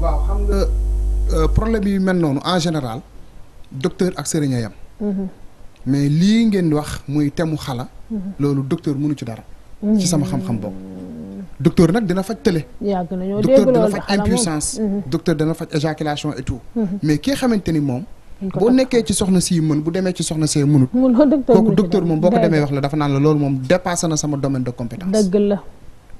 waaw xam nga euh, problème yu mel nonu en général docteur ak serigne yam mais li ngeen wax muy temu xala loolu docteur mënu ci dara ci sama xam-xam boobu docteur nag dina faj télé docteur dina faj impuissance docteur dina faj éjaculation et tout mais kii xamante ni moom boo nekkee ci soxna si mën bu demee ci soxna see mënut kooku docteur moom boo ko demee wax la dafa naan la loolu moom dépassé na sama domaine de compétence dëgg la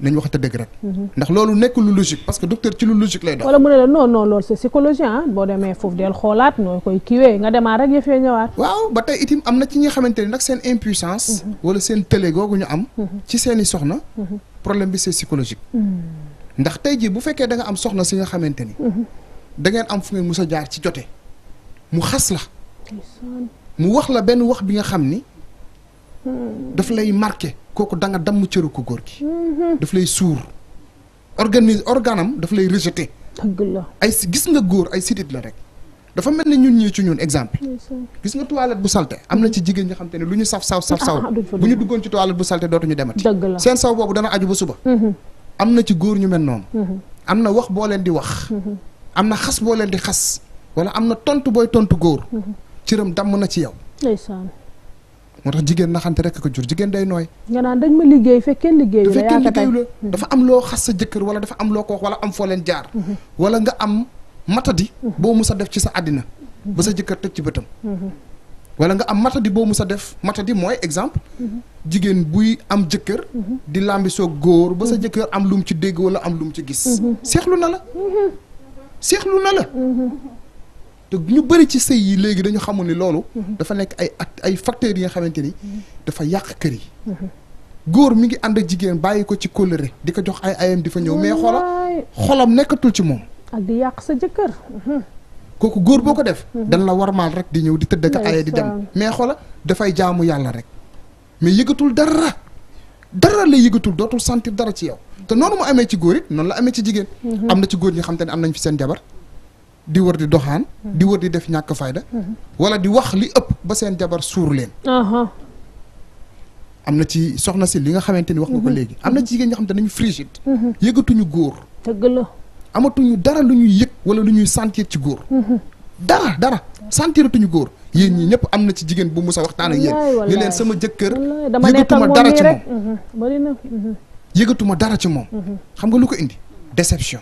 nañ waxante dëgg rek. Mhm. ndax loolu nekk lu logique parce que docteur ci lu logique lay dox. wala mu ne la non non loolu c'est psychologie ah boo demee foofu del xoolaat noo koy kiiwee nga demaat rek yëf yee ñëwaat. waaw ba tey itim am na ci ñi xamante ni nag seen impuissance. Mhm. wala seen tële googu ñu am. Mhm. ci seen i soxna. problème bi c'est psychologique. ndax tey jii bu fekkee da nga am soxna si nga xamante ni. dangeen am fu ngeen mus a jaar ci jote mu xas la. mu wax la benn wax bi nga xam ni. daf lay marqué kooku da nga damm cëru ko góor gi. daf lay suur organise organam daf lay rejeté. ay gis nga góor ay sidit la rek. dafa mel ne ñun ñii ci ñun exemple. gis nga toilette bu salte am na ci jigéen ñi xam te ne lu ñu saf saw saf saw ah, bu ñu duggoon ci toilette bu salte dootuñu demati. seen saw boobu dana aju ba suba. Mm-hmm. am na ci góor ñu mel noonu. Mm-hmm. am na wax boo leen di wax. Mm-hmm. am na xas boo leen di xas. wala am na tontu booy tontu góor. cëram damm na ci yow. moo tax jigéen naxante rek ko jur jigéen day nooy. nga naan dañ ma liggéey fekkee liggéeyu dafa am loo xas sa jëkkër wala dafa am loo ko wax wala am foo leen jaar. Mhm. wala nga am matadi. Mhm. boo mus a def ci sa àddina. ba sa mhm. jëkkër teg ci bëtam. wala nga am matadi boo mus a def matadi mooy exemple. jigéen buy am jëkkër. di lambi soo góor ba sa jëkkër am lum ci dégg wala am lum ci gis. seexlu na la. seexlu na la. te ñu bëri ci sëy yi léegi dañu xamul ni loolu. Mhm. dafa nekk ay act ay facteurs yi nga xamante ni. Mhm. dafa yàq kër yi. Mhm. góor mi ngi ànd ak jigéen bàyyi ko ci kóllëre di ko jox ay ayam di fa ñëw mais xoola xolam nekkatul ci moom. ak yàq sa jëkkër. kooku góor boo ko def. dan la warmaal rek di ñëw di tëdd ak aye di dem mais xoola dafay jaamu yàlla rek mais yëgatul dara dara la yëgatul dootul sentir dara ci yow te noonu mu amee ci góor it noonu la amee ci jigéen. am na ci góor ñi xam te ne am nañ fi seen jabar. di wër di doxaan hmm. di wër di def ñàkk fayda hmm. wala di wax li ëpp ba seen jabar suur leen am na ci soxna si li nga xamante ni wax nga ko hmm. léegi am na ci jigéen ñoo xamante nañu frigide yëgatuñu góor dëgg la amatuñu dara lu ñuy yëg wala lu ñuy sentir ci góor dara dara sentiratuñu góor yéen ñi ñëpp am na ci jigéen bu musa waxtaan ak yéen ni leen sama jëkkër yëgatuma dara ci moom yëgatuma dara ci moom xam nga lu ko indi déception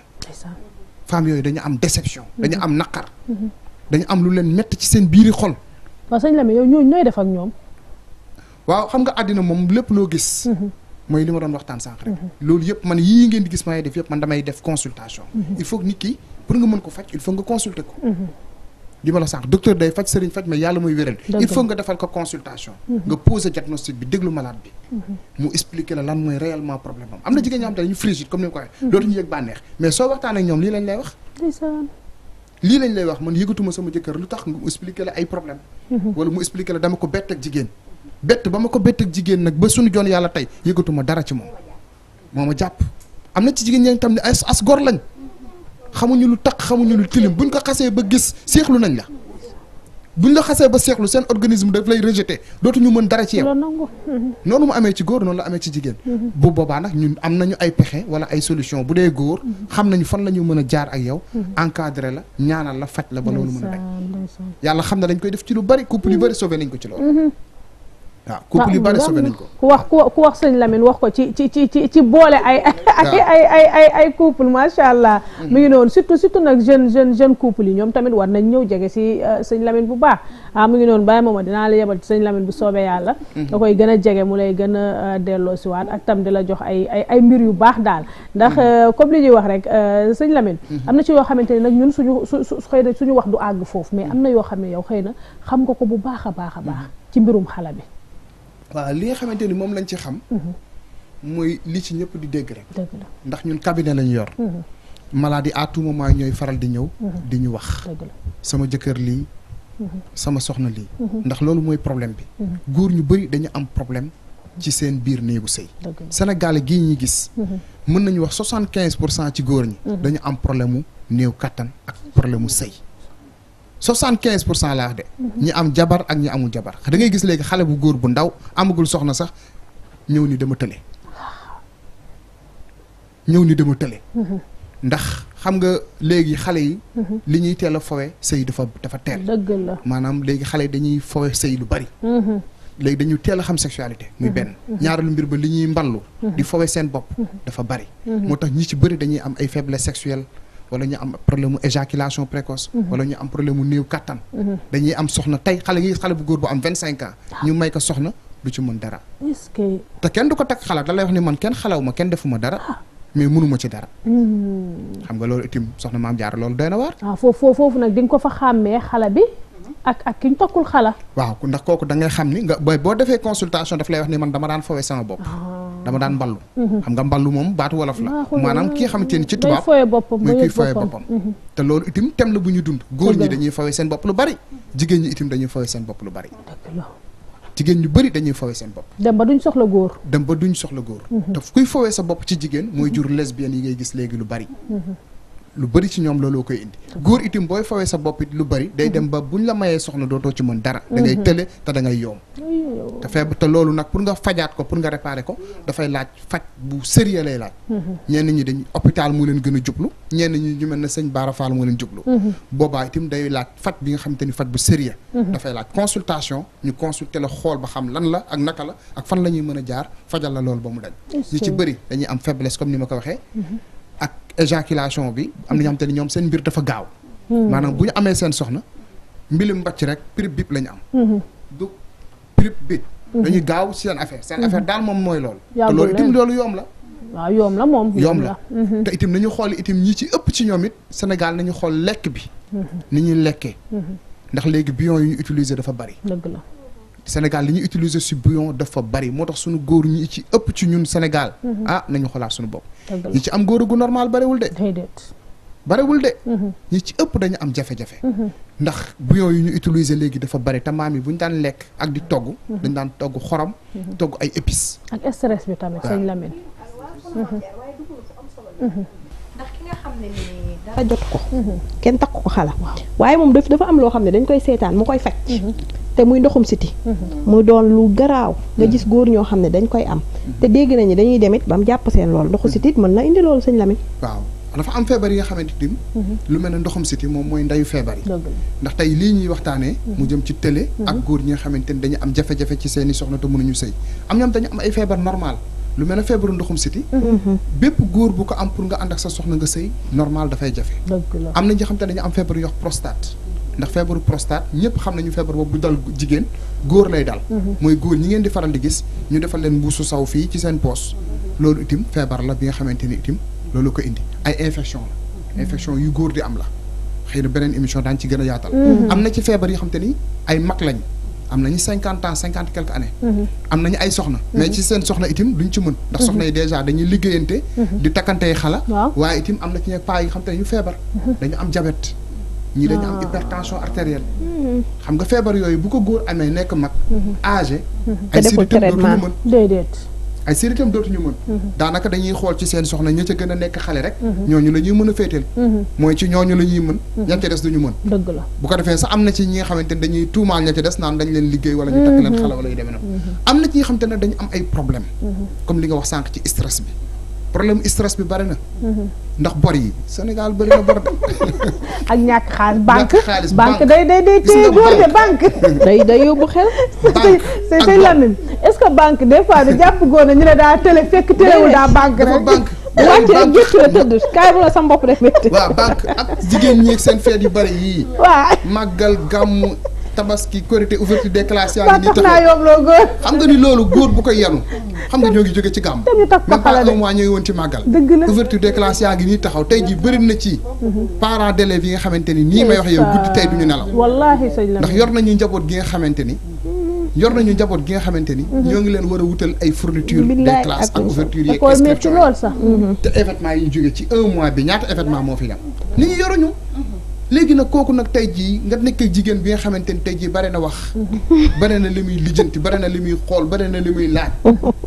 femmes yooyu dañu am déception. Mhm. dañu am naqar. Mhm. dañu am lu leen mett ci seen biir biiri xol. waaw sëñ Lamine yow ñooñu ñooy def ak ñoom. waaw xam nga àddina moom lépp loo gis. Mhm. mooy li ma doon waxtaan sànq rek. loolu yëpp man yii ngeen di gis may def yëpp man damay def consultation. il faut nit ki pour nga mën ko faj il faut nga consulter ko. Je ma docteur day faj Serigne faj mais Yalla il faut nga consultation mhm. nga poser diagnostic bi déglu malade bi mhm. mu expliquer la lan moy réellement problème am am jigéen ñoo frigide comme ni ko leur ñu banex. mais so waxtaan ak ñom li lañ lay wax Li lañ lay wax man sama lutax nga expliquer la ay problème mhm. wala mu expliquer la dama ko ak jigéen ba ko ak jigéen nak ba suñu joon Yalla tay dara ci mom. japp. Amna ci jigéen ñi as xamuñu lu taq xamuñu lu tilim ñu ko xasee ba gis seexlu nañ la ñu la xasee ba seexlu seen organisme daf lay rejeté dootuñu mën dara ci yow noonu mu amee ci góor noonu la amee ci jigéen bu boobaa nag ñun am nañu ay pexe wala ay solution bu dee góor xam nañu fan la ñu mën a jaar ak yow encadré la ñaanal la faj la ba loolu mën a rek yàlla xam ne dañ koy def ci lu bari couple yu bari sauvé nañ ko ci loolu waaw ah, couple yu bari sauvé nañ ko ku wax ku wax sëñ Lamine wax ko ci ci ci ci ci boole ay ah. ay ay ay ay ay couple macha allah. mu mm. ngi noonu surtout surtout nag jeune jeune jeune couple yi ñoom tamit war nañ ñëw jege si euh, sëñ Lamine bu baax ah mu ngi noonu bàyyi mooma dinaa la yebal sëñ Lamine bu soobee yàlla mm-hmm. da koy gën a jege mu lay gën a euh, delloo si waat ak tam di la jox ay ay ay mbir yu baax daal ndax mm-hmm. euh, comme li ñuy wax rek sëñ Lamine mm-hmm. am na ci yoo xamante ne nag ñun suñu su su xëy na suñu wax du àgg foofu mais am na yoo xam ne yow xëy na xam nga ko bu baax a baax a baax ci mbirum xala bi Wah li nga xamante ni moom lañ ci xam. Mhm. mooy li ci ñëpp di dégg rek. ndax ñun cabinet lañ yor. Mhm. maladie à tout moment ñooy faral di ñëw. Mhm. di ñu wax. sama jëkkër lii. sama soxna lii. ndax loolu mooy problème bi. góor ñu bëri dañu am problème. ci seen biir néegu sëy. Sénégal gii ñuy gis. mën nañu wax soixante quinze ci góor ñi. dañu am problème mu néew kattan ak problème mu sëy. quinze pour cent laa wax de. ñi am jabar ak ñi amul jabar da ngay gis léegi xale bu góor bu ndaw amagul soxna sax ñëw ni dama tële. ñëw ni dama tële. ndax xam nga léegi xale yi. li ñuy teel a fowe sëy dafa dafa teel. dëgg la maanaam léegi xale yi dañuy fowe sëy lu bari. léegi dañu teel a xam sexualité. muy benn ñaareelu mbir ba li ñuy mballu. di fowe seen bopp. dafa bari. moo tax ñi ci bëri dañuy am ay faiblesse sexuelle. wala ñu am problème mu éjaculation précoce. Mhm. wala ñu am problème mu néew kattan. Mhm. dañuy am soxna tey xale yi xale bu góor bu am vingt cinq ans. Ah. ñu may ko soxna du ci mën dara. te kenn du ko takk xalaat da lay wax ni man kenn xalaw ma kenn defuma dara. Ah. mais mënuma ci dara. Hmm. xam nga loolu itam soxna maam jaar loolu doy na waar. waaw ah, foofu foofu nag di nga ko fa xàmmee xala bi. ak ak ki ñu tokkul xala. waaw ndax kooku da ngay xam ni nga boo defee consultation daf lay wax ni man dama daan fowee sama bopp. dama daan mballu mhm. xam nga mballu moom baatu wolof la maanaam kii xamante ni ci tubaab muy kuy fooye boppam mhm. te loolu itam tem la bu ñu dund góor ñi dañuy fooye seen bopp lu bari jigéen ñi itam dañuy fooye seen bopp lu bari jigéen ñu bëri dañuy fawee seen bopp dem ba duñ soxla góor dem ba duñ soxla góor mhm. te kuy fawee sa bopp ci jigéen mooy jur lesbienne yi ngay gis léegi lu bari lu bëri ci ñoom looloo koy indi góor itam booy fawee sa bopp it lu bëri day dem ba buñ la mayee soxna dootoo ci mën dara da ngay mhm. te da ngay yoom te feeb te loolu nag pour nga fajaat ko pour nga réparer ko dafay laaj faj bu sérieux lay laaj mhm. ñi dañ hôpital moo leen gën a jublu ñenn ñi ñu mel ne sëñ Bara Fall moo leen jublu mhm. boobaa itam day laaj faj bi nga xam te ni faj bu sérieux dafay laaj consultation ñu consulter la xool ba xam lan la ak naka la ak fan la ñuy mën a jaar fajal la loolu ba mu dañ ñu ci bëri dañuy am faiblesse comme ni ma ko waxee ak éjaculation bi am na ñoo xamante ni ñoom seen mbir dafa gaaw. Hmm. maanaam bu ñu amee seen soxna mbilim mbàcc rek pirip bip la ñu am. Hmm. du pirip bip. Hmm. dañuy gaaw seen affaire seen affaire daal moom mooy loolu. te loolu itam loolu yoom la. waaw yoom la moom. yoom la te itam nañu xool itam ñi ci ëpp ci ñoom it Sénégal nañu xool lekk bi. ni ñuy lekkee. ndax léegi bion yi ñu utiliser dafa bari. Sénégal li ñu utiliser si bouillon dafa bari motax suñu ñi ci ëpp ci ñun Sénégal. Mhm. ah nañu xolaat suñu bop ñi ci am góor gu normal wul de. wul de. Mhm. ñi ci ëpp dañu am jafé jafé mhm. ndax bouillon yu ñu utiliser légui dafa bari ta mami ak di togg. dañ togg xorom. togg ay épices. ak stress bi tamit seigne Lamine. ndax ki nga xamné ni dara jot ko. tak ko xala waye dafa am lo xamné dañ koy sétane mu koy té muy ndoxum city mhm. mu doon lu graw nga mhm. gis goor ño xamné dañ koy am mhm. te dégg nañu dañuy demit bam japp seen lool ndoxu city, mën na indi lool señ Wow, waaw dafa am feebar yi nga xamante lu melni ndoxum city mom moy ndayu feebar yi ndax tay li ñuy waxtaanee mu jëm ci télé ak goor ñi dañu am jafe-jafe ci seeni soxna mënu ñu sey am ñam dañu am ay feebar normal lu melni ne ndoxum city bép goor bu ko am pour nga and ak sa soxna nga sey normal da jafe am na ñi xam dañu am feebar yox prostate ndax feebaru prostate ñëpp xam nañu feebar boobu bu dal jigéen góor lay dal. Mhm. mooy góor ñi ngeen di faral di gis ñu defal leen mbuusu saw fii ci seen poos loolu itim feebar la bi nga xamante ni itim loolu ko indi ay infection la. infection yu góor di am la xëy na beneen émission daañu ci gën a yaatal. Mhm. am na ci feebar yi xam te ni ay mag lañ am nañu cinquante ans cinquante quelques anne mhm. am nañu ay soxna. mais ci seen soxna itim duñ ci mën. ndax soxna yi dèjà dañuy liggéeyante. di takkantey xala. waaye am na ci xam ne ñu dañu am jabet ñii dañu am ah. hypertension artérielle. Hmm. xam nga feebar yooyu bu ko góor amee nekk mag. Hmm. âgé. Hmm. ay séritam dootuñu mën déedéet. daanaka dañuy xool ci seen soxna ña ca gën a nekk xale rek. ñooñu la ñuy mën a féeteel. mooy ci ñooñu la ñuy mën. ña ca des duñu mën. bu ko defee sax am na ci ñi nga xamante ne dañuy tuumaal ña ca des naan dañ leen liggéey wala ñu takk leen xale wala yu demee noonu. am na ci ñi ne dañu am ay problème comme li nga wax sànq ci stress bi problème stress bi bari na. Mhm. ndax bor yi Sénégal bari na bor de. ak ñàkk xaalis banque banque day day day téye góor de banque. day day yóbbu xel. banque ak say Lamine est-ce que banque des fois da jàpp na ñu ne daa télé fekk téléwul daa banque rek. banque wàcce rek sa mbopp def métti. waaw banque ak jigéen ñi ak seen feet yu bari yii. waaw màggal gàmmu. tabaski korité ouverture des classes yaa ngi nii taxaw xam nga ni loolu góor bu ko yanu xam nga ñoo ngi jóge ci gàmm même pas un mois ci màggal ouverture des ngi nii taxaw tey ji bëri na ci parents d'élèves yi nga xamante ni nii may wax yow tey du ñu nelaw ndax yor nañu njaboot gi nga xamante ni yor nañu njaboot gi nga xamante ni ñoo ngi leen war a wutal ay fourniture des classes ak ouverture te événement yi jóge ci un mois bi ñaata événement moo fi dem nit ñi yoruñu léegi nag kooku nag tey jii nga nekk jigéen bi nga xamante ni tey jii bari na wax. bare na li muy lijjanti bari na li muy xool bare na li muy laaj.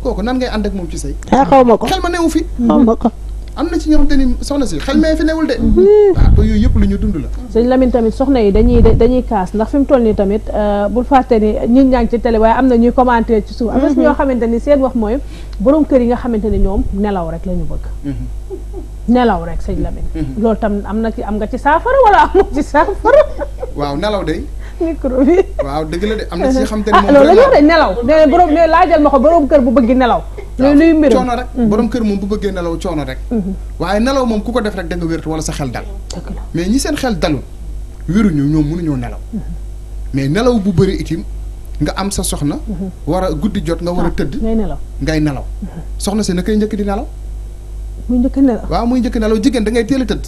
kooku nan ngay ànd ak moom ci say. ah xaw ma ko xel ma newu fi. xaw ma ko. am na ci ñoo xamante ni soxna si xel mee fi newul de. Mhm. waaw yooyu yëpp lu ñu dund la. sëñ Lamine tamit soxna yi dañuy dañuy kaas ndax fi mu toll nii tamit euh, bul fàtte ni ñun ñaa ci télé waaye am na ñuy commenter ci suuf. am na mhm. ñoo xamante ni seen wax mooy boroom kër yi nga xamante ni ñoom nelaw rek la ñu bëgg. Mhm. nelaw rek sëñ Lamine. Mhm. loolu tam am na ci am nga ci saafara wala amoo ci saafara. waaw nelaw day. micro bi. waaw dëgg la de am na ci xam te ne moom. Ah, loolu la ñu wax de nelaw nee borom nee laajal ma bu bëgg nelaw. waaw luy mbiram coono mhm. borom kër moom bu bëggee nelaw coono rek. Mhm. waaye nelaw moom ku ko def rek da nga wér wala sa xel dal. mais ñi seen xel dalul wéruñu ñoom mënuñoo nelaw. mais nelaw bu bëri itim nga am sa soxna. war a guddi jot nga war a ah, tëdd. ngay nelaw ngay nelaw. soxna si na koy njëkk di nelaw. muy njëkk nelaw waaw muy njëkk nelaw jigéen dangay ngay a tëdd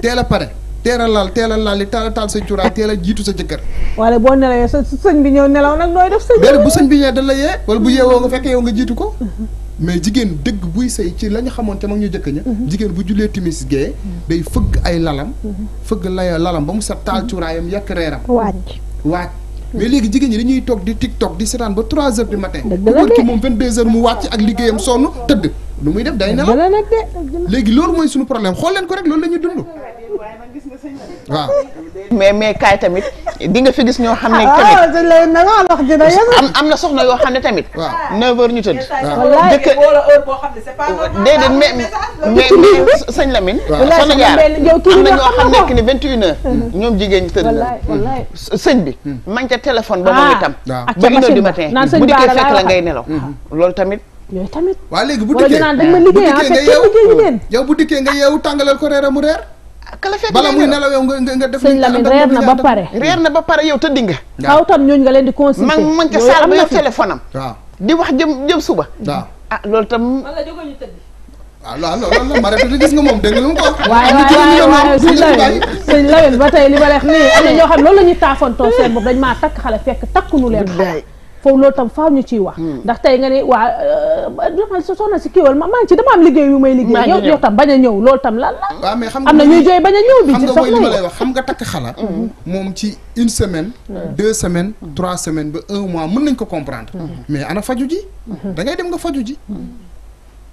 teel a pare teel a laal teel a li teel a taal sa cuuraay teel a jiitu sa jëkkër wala boo nelawee sa sëñ bi ñëw nelaw nag nooy def sëñ bi bu sëñ bi ñëwee da la yee wala bu yeewoo nga fekk yow nga jiitu ko mais jigéen dëgg buy sëy ci la ñu xamoon te mag ñu jëkk ña mhm. jigéen bu jullee timis gee mhm. day fëgg ay lalam mhm. fëgg laya lalam ba mu set taal cuuraayam yekk reeram waaj waaj mais léegi jigéen ñi dañuy toog di tiktok di seetaan ba trois heures du matin ku góor ki moom vingt deux heures mu wàcc ak liggéeyam sonn tëdd lu muy def day nelaw léegi loolu mooy suñu problème xool leen ko rek loolu la ñuy waaw. mais mais kaay tamit di nga fi gis ñoo xam ne. Ah, tamit ah, am am na soxna yoo xam ne tamit. waaw 9 ñu tëdd. waaw dëkk déedéet mais mais mais sëñ Lamine. waaw soxna jaar am na ñoo xam nekk ni 21h. ñoom jigéen ñi tëdd na. sëñ bi. Mm-hmm. mañ ca téléphone ba moom ah. itam. ba une heure du matin bu dikkee fekk la ngay nelaw. Mm-hmm. loolu tamit. yooyu tamit. waa bu dikkee bu dikkee nga yeewu yow bu dikkee nga yeewu tàngalal ko reer mu reer kala fekk bala muy nelaw nga nga def. sëñ Lamine reer na ba pare. reer na ba pare yow tëddi nga. waaw xaw ñooñu nga leen di consulter. man man ca saal ba yor téléphone am. waaw di wax jëm jëm suba. waaw ah loolu tam. man la ñu tëddi. waaw ah, loolu la Mariétou gis nga moom dégg nga lu mu ko wax. waaye waaye waaye sëñ Lamine sëñ ba tey li ma leex nii am ñoo xam loolu la ñuy taafoon toog seen bopp dañ maa takk xale fekk takkuñu leen. foofu loolu tam faa ñu ciy wax hmm. ndax tey nga ne waa dafa euh, soxna si kiiwal maa ngi ci dama am liggéey yu may liggéey yow yow tam bañ a ñëw loolu tam lan la mais xam nga am na ñuy jooy bañ a ñëw bi ci soxla li ma lay wax xam nga takk xala hmm. hmm. moom ci une semaine deux semaine trois semaine ba un mois mën nañ ko comprendre mais ana faju ji dangay dem nga faju ji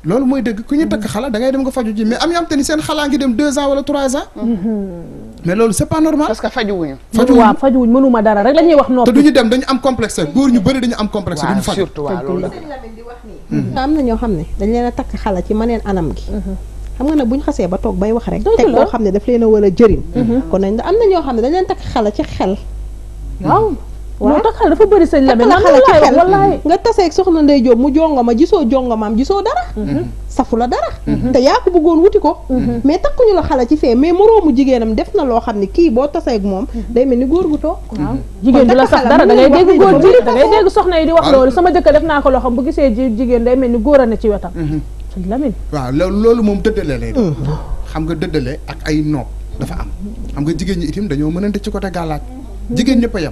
loolu mooy dëgg ku ñu takk xala da ngay dem nga faju ji mais am ñoo xam te ni seen xalaa ngi dem deux ans wala trois ans mhm. mais loolu c'est pas normal parce que fajuwuñu fajuwuñu waaw fajuwuñu mënuma dara rek la wax noppi te duñu dem dañu am complexe góor ñu bëri dañu am complexe duñu faj surtout mhm. am na ñoo xam ne dañ leen a takk xala ci maneen anam gi mhm. xam nga nag buñ xasee ba toog bay wax rek teg loo xam ne daf leen a jariñ a jëriñ kon nañ am na ñoo xam ne dañ leen takk xala ci xel waaw waaw tax xale dafa bëri sëñ la mais man xel wallaay mm-hmm. nga taseeg soxna Ndey Jóob mu jongoma gisoo jongamaam gisoo dara mm-hmm. safu la dara mm-hmm. te yaa ko bëggoon wuti ko mais takkuñu la xale ci fee mais moroomu jigéenam def na loo xam ne kii boo taseeg moom day mel ni góor gu toog waaw jigéen du la sax dara da ngay dégg góor ji da ngay dégg soxna yi di wax loolu sama jëkkër def naa ko loo xam bu gisee jigéen day mel ni góor a ne ci wetam sëñ Lamin waaw loolu moom dëddale lay da xam nga dëddale ak ay noob dafa am xam nga jigéen ñi itim dañoo mën mënante ci côté gàllaaj jigéen ñëpp a yem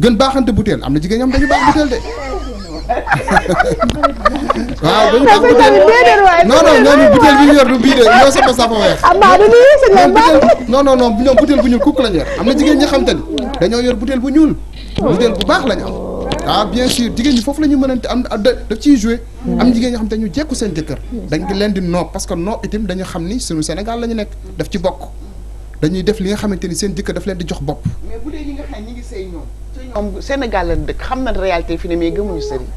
gën baaxante butéel am na jigéen ñoom dañu baax butéel de. waaw dañu baax butéel butéel bi ñu yor am naa du ah, non non non ñoom butéel bu ñuul kukk lañ yor am na jigéen ñi xam te ni dañoo yor butéel bu ñuul. bu baax lañ am. ah bien sûr jigéen ñi foofu la ñu mën a am ah, daf ciy joué am jigéen ñoo xam te ñu jekku seen jëkkër dañ leen di noob parce que noob itam dañu xam ni suñu Sénégal la ñu nekk daf ci bokk dañuy def li nga xamante ni seen jëkkër daf leen di jox bopp mais bu dee ñi ngi sëy ñoom ñoom Sénégal lañ dëkk xam na réalité fi ne mais gëmuñu sëriñ.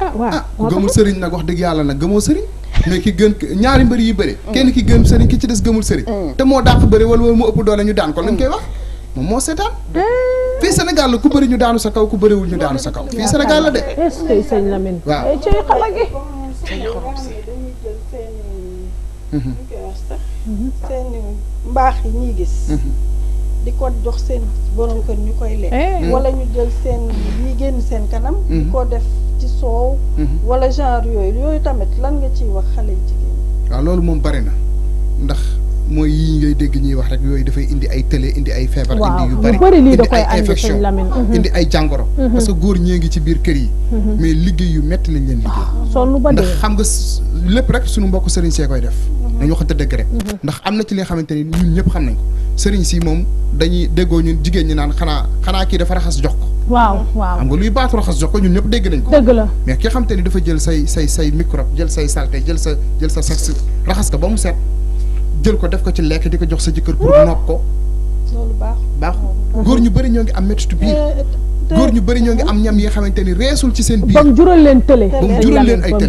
ah waaw ku ah, gëmul sëriñ nag wax dëgg yàlla nag gëmoo sëriñ. mais ki gën ñaari mbër yi bëri. Mm. kenn ki gëm sëriñ ki ci des gëmul sëriñ. Mm. te moo dàq bëri wala wala mu ëpp doole ñu daan kon lañ mm. koy wax moom moo seetaan. Eh. fii Sénégal la ku bëri ñu daanu sa kaw ku bëriwul ñu daanu sa kaw fii Sénégal la de. est-ce que sëñ Lamine. waaw eh, ci xala gi. seen mhm. mhm. yi ñuy gis. Mhm. di ko jox seen borom kër ñu koy lekk eh. hmm. wala ñu jël seen yi génn seen kanam di hmm. ko def ci soow hmm. wala genre yooyu yooyu tamit lan nga ciy wax xale yu jigéen waaw loolu moom bari na ndax mooy yii ngay dégg ñuy wax rek yooyu dafay indi ay télé indi ay feebar indi yu bëri indi ay infection mhm. indi ay jàngoro mhm. parce que góor ñee ngi ci biir kër yi mhm. mais liggéey yu metti lañ leen liggéey ah, ndax xam nga lépp rek suñu mbokk sëriñ see koy def dañu waxante dëgg rek ndax am na ci li xamante ni ñun ñëpp xam nañ ko sëriñ si moom dañuy déggoo ñun jigéen ñi naan xanaa xanaa kii dafa raxas jox ko waaw waaw xam nga luy baatu raxas jox ko ñun ñëpp dégg nañ ko dëgg la mais ki nga xamante ni dafa jël say say say microbe jël say salté jël sa jël sa sexe raxas ko ba mu set jël ko def ko ci lekk di ko jox sa jëkkër pour nopp ko. loolu baax baaxul góor ñu bëri ñoo ngi am méttiitu biir. Eh, góor ñu bëri ñoo ngi am ñam yi xamante ni reesul ci seen biir. ba jural leen tële. ba mu jural leen ay tële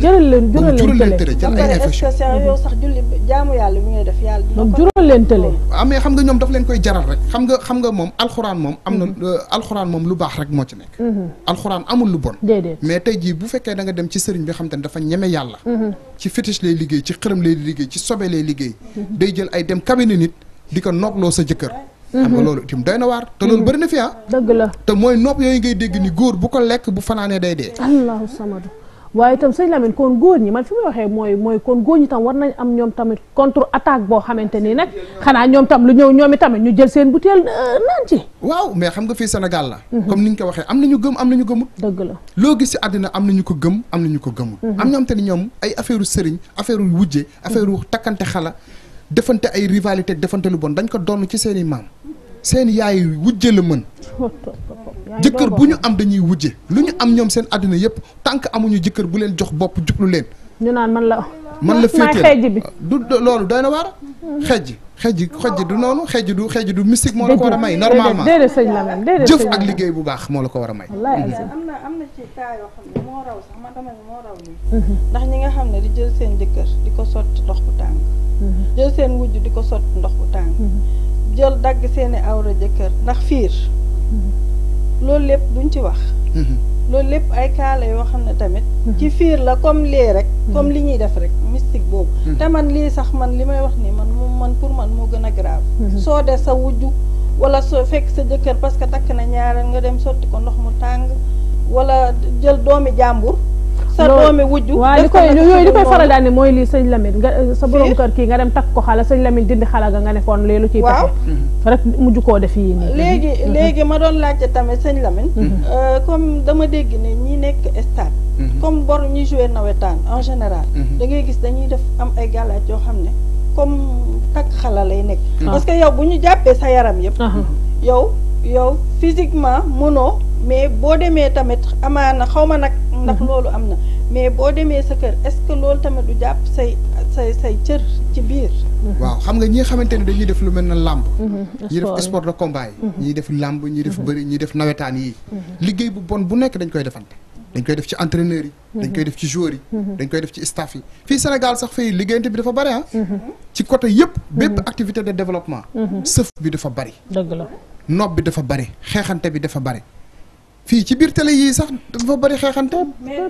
jural leen tële jël sax julli jaamu yàlla leen tële. waaw ah, xam nga ñoom daf leen koy jaral rek xam nga xam nga moom alxuraan moom. am na mm-hmm. euh, alxuraan moom lu baax rek moo ci nekk. Mm-hmm. alxuraan amul lu bon. déedéet mais tey jii bu fekkee da dem ci sëriñ bi xam te ne dafa ñeme yàlla. Mm-hmm. ci fétiche lay liggéey ci xërëm lay liggéey ci sobe lay liggéey. day jël ay dem cabine nit di ko loo sa jëkkër xam mhm. loolu itam doy na waar te loolu mhm. bëri fi ah la te mooy nopp yooyu dégg ni góor bu ko lekk bu fanaanee day dee allahu samadu waaye itam sëñ Lamine kon góor ñi man fi waxee mooy mooy kon góor ñi tam war nañ am ñoom tamit contre attaque boo xamante ni nag xanaa ñoom tam lu ñëw ñoom i tamit ñu jël seen butéel euh, naan ci waaw mais xam nga fii Sénégal la mhm. comme ni ñu ko waxee am nañu gëm am nañu gëmut dëgg la loo gis si àddina am nañu ko gëm am nañu ko gëmut am ñoom te ni ñoom ay affaire u sëriñ affaire u wujje affaire u takkante xala defante ay rivalité defante lu bon dañ ko donn ci seen i maam seen yaay wujje la mën jëkkër bu ñu am dañuy wujje lu ñu am ñoom seen àdduna yëpp tànk amuñu jëkkër bu leen jox bopp jublu leen ñu naan man la man la féetee du loolu doy na waar xejj xejj xejj du noonu xeej du xeej du mystique moo la ko war a may normalement jëf ak liggéey bu baax moo la ko war a may am man dama moo mhm. ndax nga xam ne seen jëkkër di ko sotti jël seen wujju di ko sot ndox bu tàng mhm. jël dagg seeni awra jëkkër ndax fiir mhm. loolu lépp duñ ci wax mhm. loolu lépp ay kaala yoo xam ne tamit ci fiir la comme lii rek comme li ñuy def rek mystique boobu te man lii sax man li may wax nii man moom man pour man moo gën a grave soo de sa wujju wala soo fekk sa jëkkër parce que takk na ñaareel nga dem sotti ko ndox mu tàng wala jël doomi jàmbur sa doomi wujju waaw li koy yooyu li koy faral daal ne mooy lii sëñ Lamine nga eh, sa borom kër kii nga dem takk ko xala sëñ Lamine dindi xala ga nga nekkoon léelu ciy pexe mm-hmm. rek mujj koo def yii nii léegi mm-hmm. léegi ma doon laajte tamit sañ Lamine mm-hmm. euh, comme dama dégg ne ñi nekk stade comme bor ñi joué nawetaan en général da ngay gis dañuy def am ay gàllaaj yoo xam ne comme takk xalal lay nekk ah. parce que yow bu ñu jàppee sa yaram yëpp ah. yow yow physiquement mënoo mais boo demee tamit amaana xaw ma nag. ndax mhm. loolu am na mais boo demee sa kër est-ce que loolu tamit du jàpp say say say cër ci biir. Mhm. waaw xam nga ñi nga xamante ne dañuy def lu mel ne làmb. Mhm. ñi def sport de combat yi. ñi def làmb ñi def bëri ñi def nawetaan yi. liggéey bu bon bu nekk dañ koy defante. dañ koy def ci entraîneur yi. dañ koy def ci joueur yi. dañ koy def ci staff yi. fii Sénégal sax fii liggéeyante bi dafa bari ah. ci côté yëpp. bépp activité de développement. sëf bi dafa bari. dëgg la. nob bi dafa bari xeexante bi dafa bari fii ci biir tele yii sax dafa bari xeexante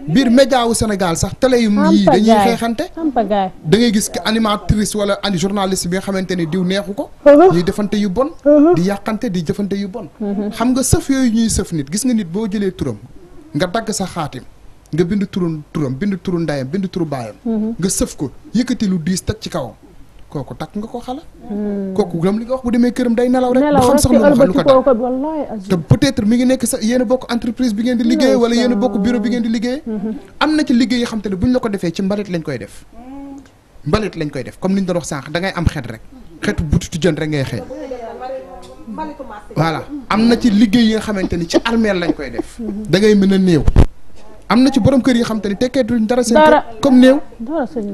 biir média wu Sénégal sax télé yu yii dañuy xeexante da ngay gis ki animatrice wala ani journaliste bi nga xamante ni diw neexu ko ñuy uh-huh. defante yu bon uh-huh. di yàqante di jëfante yu bon uh-huh. xam nga sëf yooyu ñuy sëf nit gis nga nit boo jëlee turam nga dagg sa xaatim nga bind turu turam bind turu ndayam bind turu nga sëf ko yëkkati lu diis teg ci kawam kooku takk nga ko xala hmm. kooku gëm li nga wax bu demee këram day nelaw rek du xam sax lu ko lu ko te peut-être ngi nekk sa yéen a bokk entreprise bi ngeen di liggéey wala yéen a bokk bureau bi ngeen di liggéey hmm, hmm. am na ci liggéey ko defee ci koy def mbalit lañ koy def comme liñ doon wax sànq da ngay am xet rek xetu bututu jën rek ngay xëy voilà am na ci liggéey yi nga xamante ni ci armeel lañ koy def da ngay mën a néew am na ci borom kër yi xam te ni tekkeetuñ dara seen kër comme néew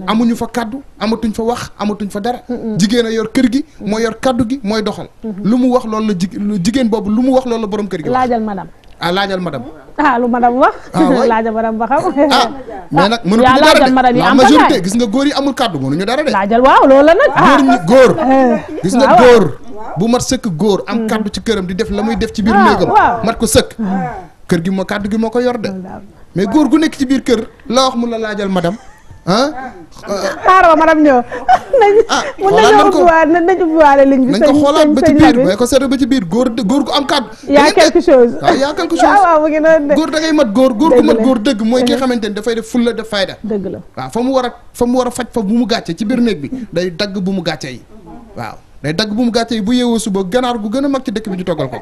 amuñu fa kàddu amatuñ fa wax amatuñ fa dara jigéen a yor kër gi moo yor kàddu gi mooy doxal mm-hmm. lu mu wax loolu la ji jigéen boobu lu mu wax loolu borom kër gi laajal madame ah laajal madame ah lu madame wax ah, laajal madame ba xam ah mais nag mënuñu dara de la majorité gis nga góor yi amul kaddu mënuñu dara de laajal waaw loolu la nag ah. góor ñi góor eh. gis nga ah, góor bu mat sëkk góor am mm. kaddu ci këram di def la muy def ci biir néegam mat ko sëkk kër gi moo kaddu gi moo ko yor de mais góor gu nekk ci biir kër laa wax mun la laajal madame ah. xaaral madame ñëw. ah xoolaat nañ ko mun nañu ubbiwaale ligne bi. nañ ko xoolaat ba ci biir mais ko seetlu ba ci biir góor góor gu am kàddu. yaa quelque ah, ah, chose waaw yaa quelque chose. waaw góor da mat góor góor gu mat góor dëgg. mooy ki nga xamante ni dafay def fulla def fayda. dëgg la waaw fa mu war a fa mu war a faj fa bu mu gàccee ci biir néeg bi day dagg bu mu gàccee yi waaw. day dagg bu mu gàccee yi bu yeewoo suba ganaar gu gën a mag ci dëkk bi ñu toggal ko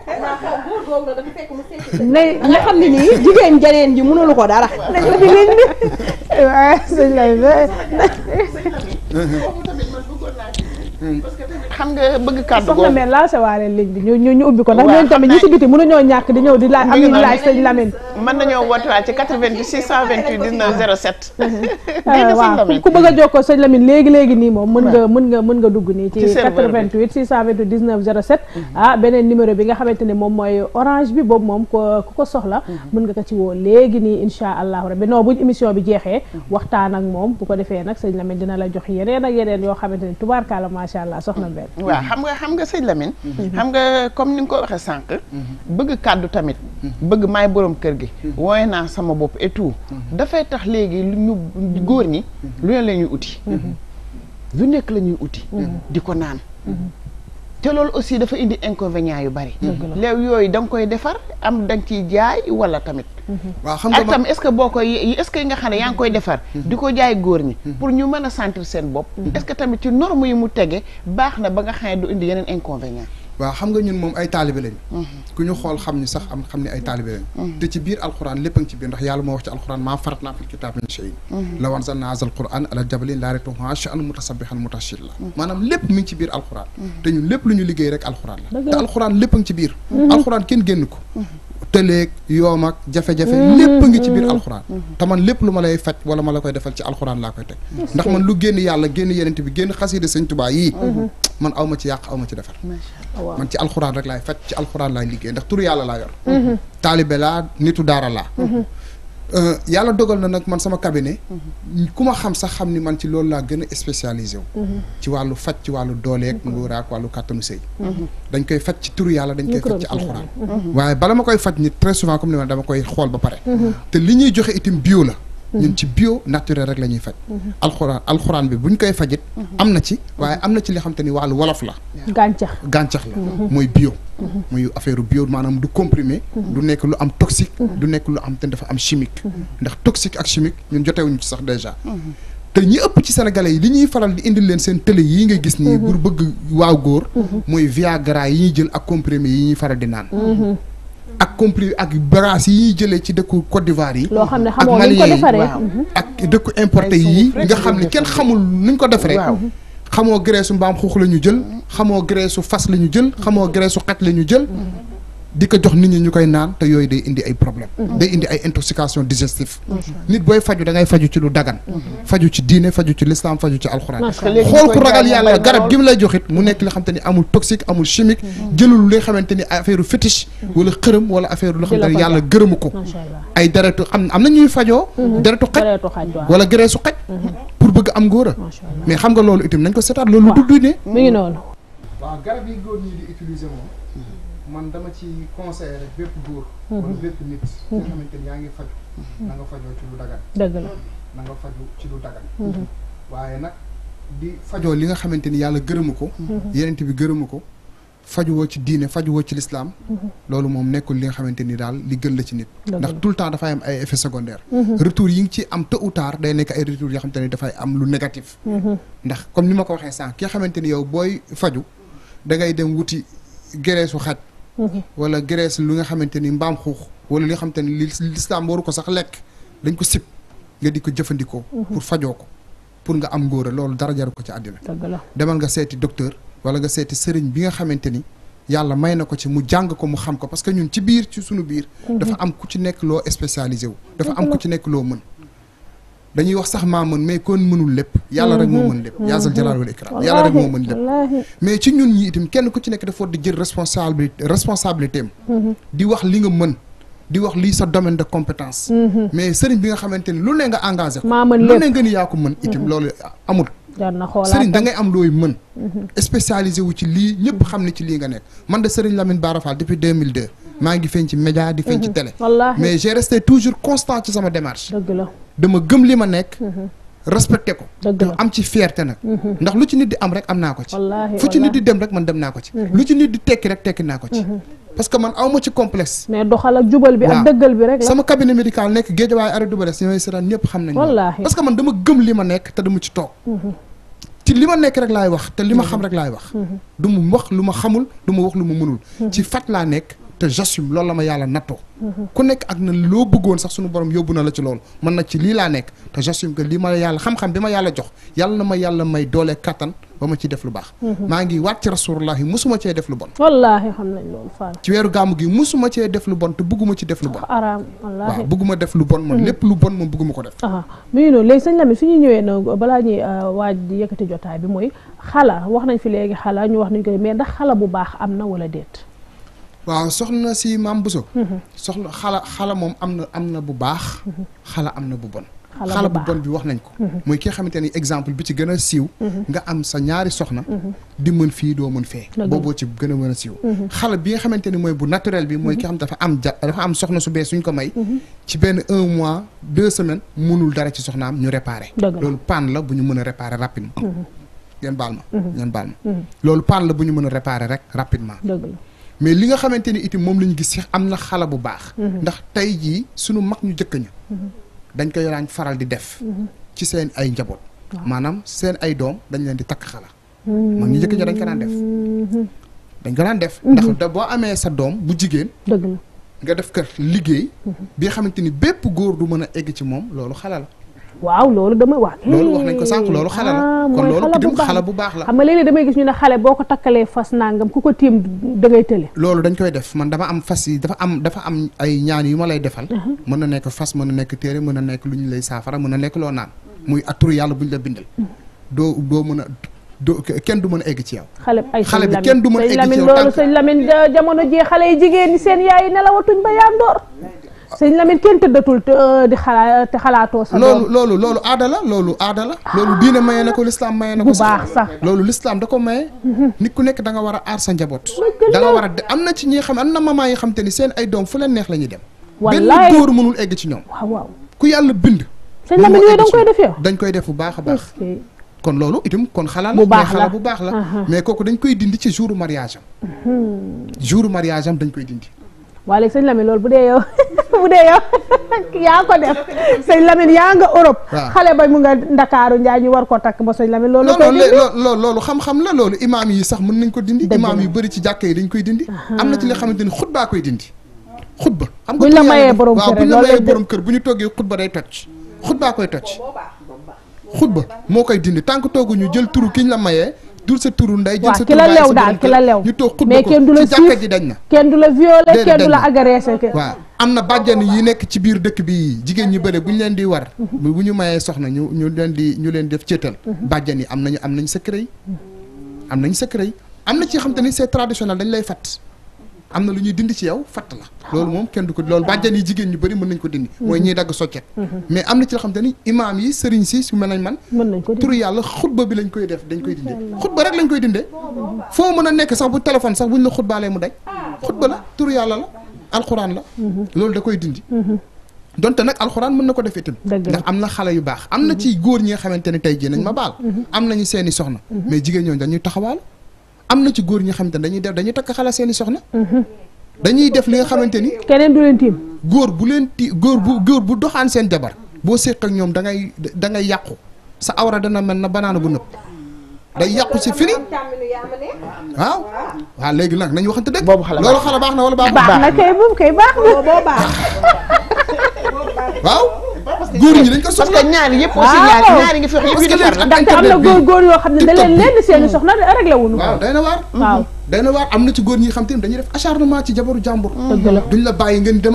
mais nga xam ne nii jigéen janeen ji mënulu ko dara. nañ ko jigéen ñi waaw sëñ lay xam nga bëgg kàddu googu soxna mère lancé waale léegi ñu ñu ñu ko ndax ñooñu tamit ñi si biti mënuñoo ñàkk di ñëw di laaj am ñu laaj sëñ ah, léegi léegi nii moom mën nga mën nga mën nga dugg nii ci 88 628 19 07 ah beneen numéro bi nga xamante ne moom mooy orange bi boobu moom ko ku ko soxla mhm. mën nga ko ci woo léegi nii insha allahu rabbi non buñ émission bi jeexee mhm. waxtaan ak moom bu ko defee nag sëñ Lamine dina la jox yeneen ak yeneen yoo xamante ne tubaarkaala macha soxna Mbène. Mm-hmm. waaw xam nga xam nga sëñ Lamine. Mm-hmm. xam nga comme ni nga ko waxee sànq. Mm-hmm. bëgg kàddu tamit. bëgg may borom kër gi. wooye naa sama bopp et dafay tax léegi lu ñu góor ñi. lu ne la uti. lu nekk lañuy uti. di ko naan. te loolu aussi dafa indi inconvénient yu bari. léew yooyu da koy defar am da nga ciy jaay wala tamit. Mm-hmm. waaw xam nga ak tam est-ce que boo koy est-ce que yi nga xam ne yaa ngi koy mm-hmm. defar. Mm-hmm. di ko jaay góor ñi. pour ñu mën a sentir seen bopp. est que tamit ci norme yi mu tege baax na ba nga xam ne du indi yeneen inconvénient وهم غنين مم أي تعلب لين كنيو خال خمني صح أم خمني أي تعلب لين تجي بير القرآن لبنت تبين رح يعلم وقت القرآن ما فرطنا في الكتاب من شيء لو أنزلنا هذا القرآن على جبلين لا ريتوا هاش أنا متصبح المتشيل ما نم لب من تبير القرآن تجي لب لين يلقي رك القرآن القرآن لبنت تبير القرآن كين جنكو tëleeg yoom ak jafe-jafe mm-hmm. lépp ngi ci biir mm-hmm. alxuraan te man lépp lu ma lay faj wala ma la koy defal ci alxuraan laa koy teg mm-hmm. ndax man lu génn yàlla génn yenente bi génn xasiida sëñ tubaa yii man aw ma ci yàq aw ma ci defar man ci alxuraan rek laay faj ci alxuraan laay liggéey ndax turu yàlla laa yor taalibe laa nitu daara laa Euh, yàlla dogal na nag man sama cabinet mhm. ku ma xam sax xam ni man ci loolu laa gën a spécialisé wu mhm. ci wàllu faj ci wàllu dooleeg nguuraak wàllu kàttanu sëy mhm. dañ koy faj ci turu yàlla dañ koy faj ci alxuraan waaye bala ma koy faj nit très souvent comme ni ma dama koy xool ba pare te li ñuy joxe itam bio la ñun ci bio naturel rek la ñuy faj. Mhm. alxuraan alxuraan bi ñu koy fajit. Mhm. am na ci waaye mhm. am na ci li xam te ni wàllu wolof la. gàncax gàncax la. mooy bio. muy affaire bio maanaam du comprimer du nekk lu am toxique. du nekk lu am te dafa am chimique. ndax toxique ak chimique ñun jotewuñu ci sax déjà. te ñi ëpp ci sénégalais yi li ñuy faral di indil leen seen télé yi nga gis nii. pour bëgg waaw góor. mooy viagra yi ñuy jël ak comprimé yi ñuy faral di naan. ak compris ak brasse yi jëlee ci dëkku Côte yi. loo xam ne xamoo ni ko defaree mhm. ak dëkku importé yi nga xam ne kenn xamul nuñ ko defaree. Mhm. xamoo graisse mbaam xuux la ñu jël. Mhm. xamoo graisse fas la ñu jël. xamoo graisse xaj la ñu jël. di ko jox nit ñi ñu koy naan te yooyu day indi ay problème mm-hmm. day indi ay intoxication digestive nit booy faju da ngay faju ci lu dagan mm-hmm. faju ci diine faju ci l'islam faju ci alxuraan xool ku ragal yàlla garab gi mu lay joxit mu nekk li xamante ni amul toxique amul chimique mm-hmm. jëlul li xamante ni affaire fétiche wala xërëm wala affaire lu xamante ni yàlla gërëmu ko ay deretu am am na ñuy fajoo deretu xaj wala gereesu xaj pour bëgg am ngóora mais xam nga loolu itam nañ ko seetaat loolu du dune ngi noonu waaw garab yi man dama ci conseillé rek bépp góor. Mhm. wala bépp nit. nga xamante ni yaa ngi faju mhm. na nga fajoo ci lu dagan. na nga faju mhm. li nga xamante ni yàlla gërëmu ko. yenent bi gërëmu ko. fajuwoo ci diine fajuwoo ci lislaam loolu moom nekkul li nga xamante ni daal li gën la ci nit ndax tout le temps dafay am ay effet secondaire retour yi ngi ci am tôt ou day nekk ay retour yoo xamante ni dafay am lu négatif ndax comme ni ma ko waxee sànq ki nga xamante ni yow booy faju da ngay dem wuti gereesu xaj wala graisse lu nga xamante ni mbaam xuux wala li nga xamante ni lislaam waru ko sax lekk dañ ko sib nga di ko jëfandikoo mhm. pour fajoo ko pour nga am ngóora loolu dara jaru ko ci àddina demal nga seeti docteur wala nga seeti sëriñ bi nga xamante ni yàlla may na ko ci mu jàng ko mu xam ko parce que ñun ci biir ci sunu biir mhm. dafa am ku ci nekk loo spécialisé wu dafa am ku ci nekk loo mën dañuy wax sax maa mën mais kon mënul lépp yàlla rek moo mën lépp yaasal jalaal wal ikram yàlla rek moo mën lépp mais ci ñun ñi itam kenn ku ci nekk dafa di jël responsabilité responsabilité di wax li nga mën di wax lii sa domaine de compétence mais sëriñ bi nga xamante ni lu ne nga engagé ko lu ne nga ni yaa ko mën itam loolu amul sëriñ da ngay am looy mën spécialisé wu ci lii ñëpp xam ne ci lii nga nekk man de sëriñ Lamine Barafal depuis 2002 mangi ngi ci média di feeñ ci mhm. télé mais j'ai resté toujours constant ci sama démarche deug la dama gëm li ma nekk mhm. respecté ko am ci fierté nak mhm. ndax lu ci nit di am rek am naa ko ci fu ci nit di dem rek man dem naa ko ci lu ci nit di tek rek tek naa ko ci parce que man awma ci complexe mais doxal ak jubal bi ak deugal bi rek sama cabinet médical nek Guédiawaye arrêt Double Less ñooy seetaan ñëpp xam nañ parce que man dama gëm li ma nekk te dama ci tok ci lima nek rek lay wax te lima xam rek lay wax duma wax luma xamul duma wax luma mënul ci fat la nek te j'assume loolu la ma yàlla nattoo mm-hmm. ku nekk ak na loo bëggoon sax sunu borom yóbbu na la ci loolu mën nag ci lii laa nekk te j'assume que li ma yàlla xam-xam bi ma yàlla jox yàlla na ma yàlla may doole kattan ba ma ci def lu baax mm-hmm. maa ngi waat ci rasulullahi musuma cee def lu bon wallaahi xam nañ loolu Fall ci weeru gàmmu gi musuma cee def lu bon te bëgguma ci def lu bon araam wallaahi waaw bëgguma def lu bon moom mm-hmm. lépp lu bon moom bëgguma ko def aa mi ngi noonu léegi sëñ Lamine ñuy ñëwee na balaa ñuy euh, waaj yëkkati jotaay bi mooy xala wax nañ fi léegi xala ñu wax nañ ko mais ndax xala bu baax am na wala déet waaw soxna si maam Bousso. Mhm. soxna xala xala moom am na am na bu baax. Mhm. xala am na bu bon. xala bu bon bi wax nañ ko. muy mhm. ki xamante ni exemple bi ci gën a siiw. nga am sa ñaari soxna. di mën fii doo mën fee. booboo ci gën a mën a siiw. xala bi nga xamante ni mooy bu naturel bi mooy ki xam dafa am ja dafa am soxna su bees suñ ko may. ci benn un mois deux semaines mënul dara ci soxnaam ñu réparé. loolu panne la bu ñu mën a réparé rapidement. ngeen baal ma. ngeen ñu mën a réparé rek rapidement. mais li nga xamante ni itam moom lañu gis si am na xala bu baax. Mhm. ndax tey jii sunu mag ñu jëkk ñu mhm. dañ koy raañ faral di def. Mhm. ci seen ay njaboot. maanaam seen ay doom dañ leen di takk xala. mag ñu jëkk ña dañ ko daan def. ndax da boo amee sa doom bu jigéen. nga def kër liggéey. bi xamante ni bépp góor du mën a egg ci moom loolu xalal waaw loolu dama wax. loolu wax nañ ko sànq loolu xale la ah, kon loolu bu baax la. xam ma léeg-léeg damay gis ñu ne xale boo ko takkalee fas nangam ku ko tiim dangay tële. loolu dañ koy def man dafa am fas yi dafa am dafa am ay ñaan yu ma lay defal. Uh-huh. mën na nekk fas mën na nekk téere mën na nekk lu ñu lay saafara mën na nekk loo naan. muy atturu yàlla buñ la bindal. Uh-huh. doo doo mën a doo kenn du mën a egg ci xale ay xale bi kenn du mën a egg ci yow. sëñ Lamine jamono jii xale yi jigéen ñi seen yaay nelawatuñ ba yaandoor sëñ Lamine kenn tëddatul euh, di xalaat te xalaatoo sa loolu loolu loolu aada la loolu aada la loolu diine maye na ko lislaam maye na ko bu baax sax loolu lislaam da ko maye mhm. nit ku nekk da nga war a aar sa njaboot da nga war a am na ci ñi xam am na maman yi xam te ni seen ay doom fu leen neex la ñuy dem wallaay benn góor mënul egg ci ñoom waaw waaw ku yàlla bind sëñ Lamine yooyu dañ koy def yow dañ koy def bu baax a baax kon loolu itam kon xalaat la mais xalaat bu baax la mais kooku dañ koy dindi ci jouru mariage am mhm. jouru mariage dañ koy dindi waa léegi sëñ Lamine loolu bu dee yow bu dee yow yaa ko def sëñ Lamine yaa nga Europe xale ba mu nga Ndakaaru njaay ñu war koo takk ba sëñ Lamine loolu koy dindi loolu loolu xam-xam la loolu imaam yi sax mun nañ ko dindi imaam yu bëri ci jàkka yi dañ koy dindi am na ci li nga xamante ni xutbaa koy dindi xutba xam nga buñ la mayee borom kër waaw buñ la mayee borom kër bu ñu toggee xutba day toj xutbaa koy toj ba moo koy dindi tànk que ñu jël turu kiñ la mayee dul sa turu nday jël sa turu nday waaw ki la lew daal ki la lew ñu toog xutba ko mais kenn du la jàkka ji dañ na kenn du la violé kenn du la agressé waaw am na bàjjan yi nekk ci biir dëkk bi jigéen ñi bëre bu ñu leen di war mhm. bu ñu mayee soxna ñu ñu leen di ñu leen def cëtal mhm. bàjjan yi am nañu am nañ secret yi mhm. am nañ secret yi am na ci xam te ni c'est traditionnel dañ lay fat am na lu ñuy dindi ci yow fatt la loolu moom kenn du ko loolu bàjjan yi jigéen ñu bari mën nañ ko dindi mooy ñuy dagg soccet mm-hmm. mais am na ci loo xam te ni imaam yi sëriñ si su mel nañ man bi lañ koy def dañ koy dindee xutba koy dindee mm-hmm. foo mën a nekk sax bu téléphone sax buñ la xutbaalee mu daj xutba la turu yàlla la alxuraan la mm-hmm. loolu da koy dindi donte nag alxuraan mën na ko def itam ndax am na xale yu baax am na ci góor ñi nga xamante ne tey jii nañ ma baal am nañu seeni soxna mais jigéen ñooñu dañuy taxawaal am na ci góor ñi xamante ne dañuy def dañuy takk xala seeni soxna. Mhm. dañuy def li nga xamante ni. keneen du leen tiim. góor bu leen ti góor bu góor bu doxaan seen jabar boo séq ak ñoom da ngay da yàqu sa awra dana mel na banaana bu nëpp day yàqu si fini waaw waaw léegi nag nañu waxante dëgg. boobu xala loolu xala baax na wala baax na. baax na kay bu kay baax na waaw. parce que góor ñi dañ ko soxla parce que ñaari yëpp aussi ñaari ñaari ngi fi wax la ndaxte am na góor góor yoo xam ne hmm. waaw day hmm. hmm. na waar am na ci góor ñi xam te ne dañuy def acharnement ci jabaru jàmbur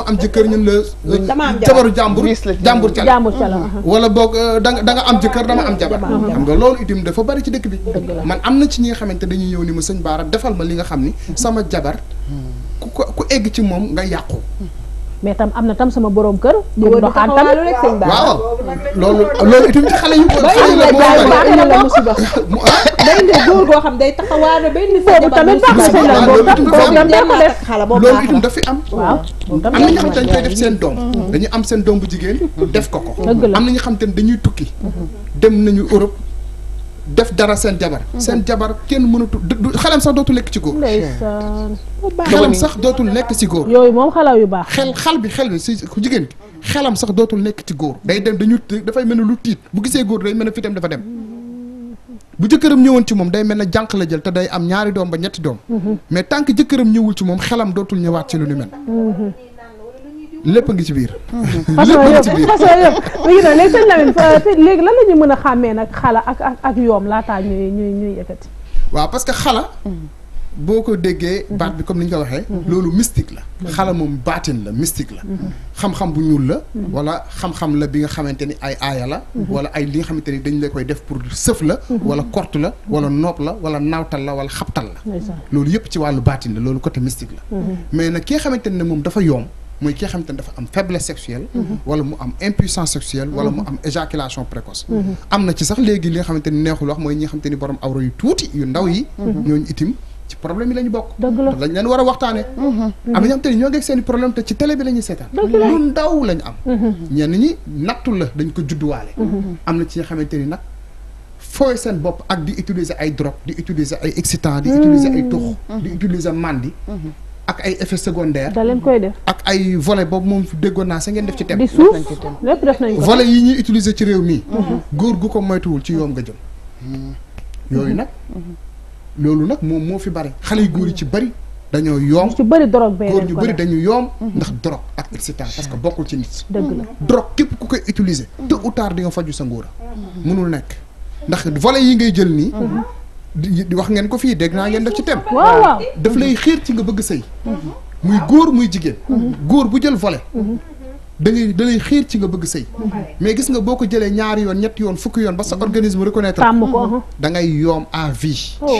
am jëkkër ñun la jabaru jàmbur jàmbur ca la wala boog euh, danga da nga am jëkkër dama am jabar xam nga loolu itam dafa bari ci dëkk bi man am na ci ñi nga xamante dañuy ñëw ni ma sëñ Baara defal ma li nga xam ni sama jabar ku ko ku egg ci moom nga yàqu mais tam am na tam sama boroom kër. di wër di taxawaalu rek sëñ Ba. waaw loolu loolu itam ci xale yu. xale yu baax la baax la la day indi góor goo xam tam boobu tam dara ko def. dafi am. waaw moom tam am na ñoo xam dañ koy def seen doom. Mm-hmm. dañu am seen doom bu jigéen mm-hmm. def ko ko. dëgg la am na ñu xam te ne dañuy tukki. Mm-hmm. dem nañu Europe. def dara seen jabar. Mhm. seen jabar kenn mënatu xelam sax dootul lekk ci góor. ndeysaan xelam sax dootul lekk ci góor. yooyu moom xalaw yu baax. xel xal bi xel bi si jigéen xelam sax dootul nekk ci góor. day dem dañu dafay mel ne lu tiit bu gisee góor day mel ne fitam dafa dem. Mhm. bu jëkkëram ñëwoon ci moom day mel ne jànq la jël te day am ñaari doom ba ñetti doom. Mhm. mais tant que jëkkëram ñëwul ci moom xelam dootul ñëwaat ci lu ni mel. lépp ngi ci biir. lépp ngi ci biir euh, léegi la ñu mën a xàmmee nag xala ak ak yoom laataa ñuy ñuy ñuy yëkkati. waaw parce que xala. Mm. boo ko déggee baat bi comme ni ñu ko waxee mm-hmm. loolu mystique la mm-hmm. xala moom baatin la mystique la mm-hmm. xam-xam bu ñuul la wala xam-xam la bi nga xamante ni ay aaya la wala ay li nga xamante ni dañ la koy def pour sëf la wala kort la wala noob la wala naawtal la wala xabtal la loolu yëpp ci wàllu baatin la loolu côté mystique la mais nag ki ne moom dafa yoom moy ki nga xamante dafa am faiblesse sexuelle wala mu am impuissance sexuelle wala mu am éjaculation précoce amna ci sax légui li nga xamante ni neexul wax moy ñi nga xamante ni borom awra yu tuuti yu ndaw yi ñoo itim ci problème yi lañu bok bokk lañ leen war a am na ñoo xam te ñoo ngeeg seen problème te ci télé bi lañu sétal seetaan lu ndaw la am ñen ñi nattu la dañ ko judduwaale am na ci nga xamante ni nag fooy seen bopp ak di utiliser ay drogue di utiliser ay excitant di utiliser ay tux di utiliser mandi ak ay effets secondaires. dalen koy def ak ay volet boobu mom déggoon naa sa ngeen def ci thème. di lépp def nañ ko volet yi ñi utiliser ci réew mi. Mhm. goor gu ko moytuwul ci yoon nga jëm. Mhm. yooyu nag. Mhm. lolu nak mom mo fi bari xalé goor yi ci bari dañoo yom ci bari drogue bee goor ñu bari dañu yom ndax drogue ak excitant parce que bokul ci nit. dëgg la drogue képp ku koy utiliser. tôt ou tard di nga faju sa ngóora. mënul nek ndax volet yi ngay jël nii. di wax ngeen ko fii dégg naa ngeen def ci thème. waaw daf lay xiir ci nga bëgg sëy muy góor muy jigéen. góor bu jël volet. da ngay xiir ci nga bëgg sëy mais gis nga boo ko jëlee ñaari yoon ñetti yoon fukk yoon ba sa organisme reconnaître uh-huh. da ngay yoom à vie. Oh.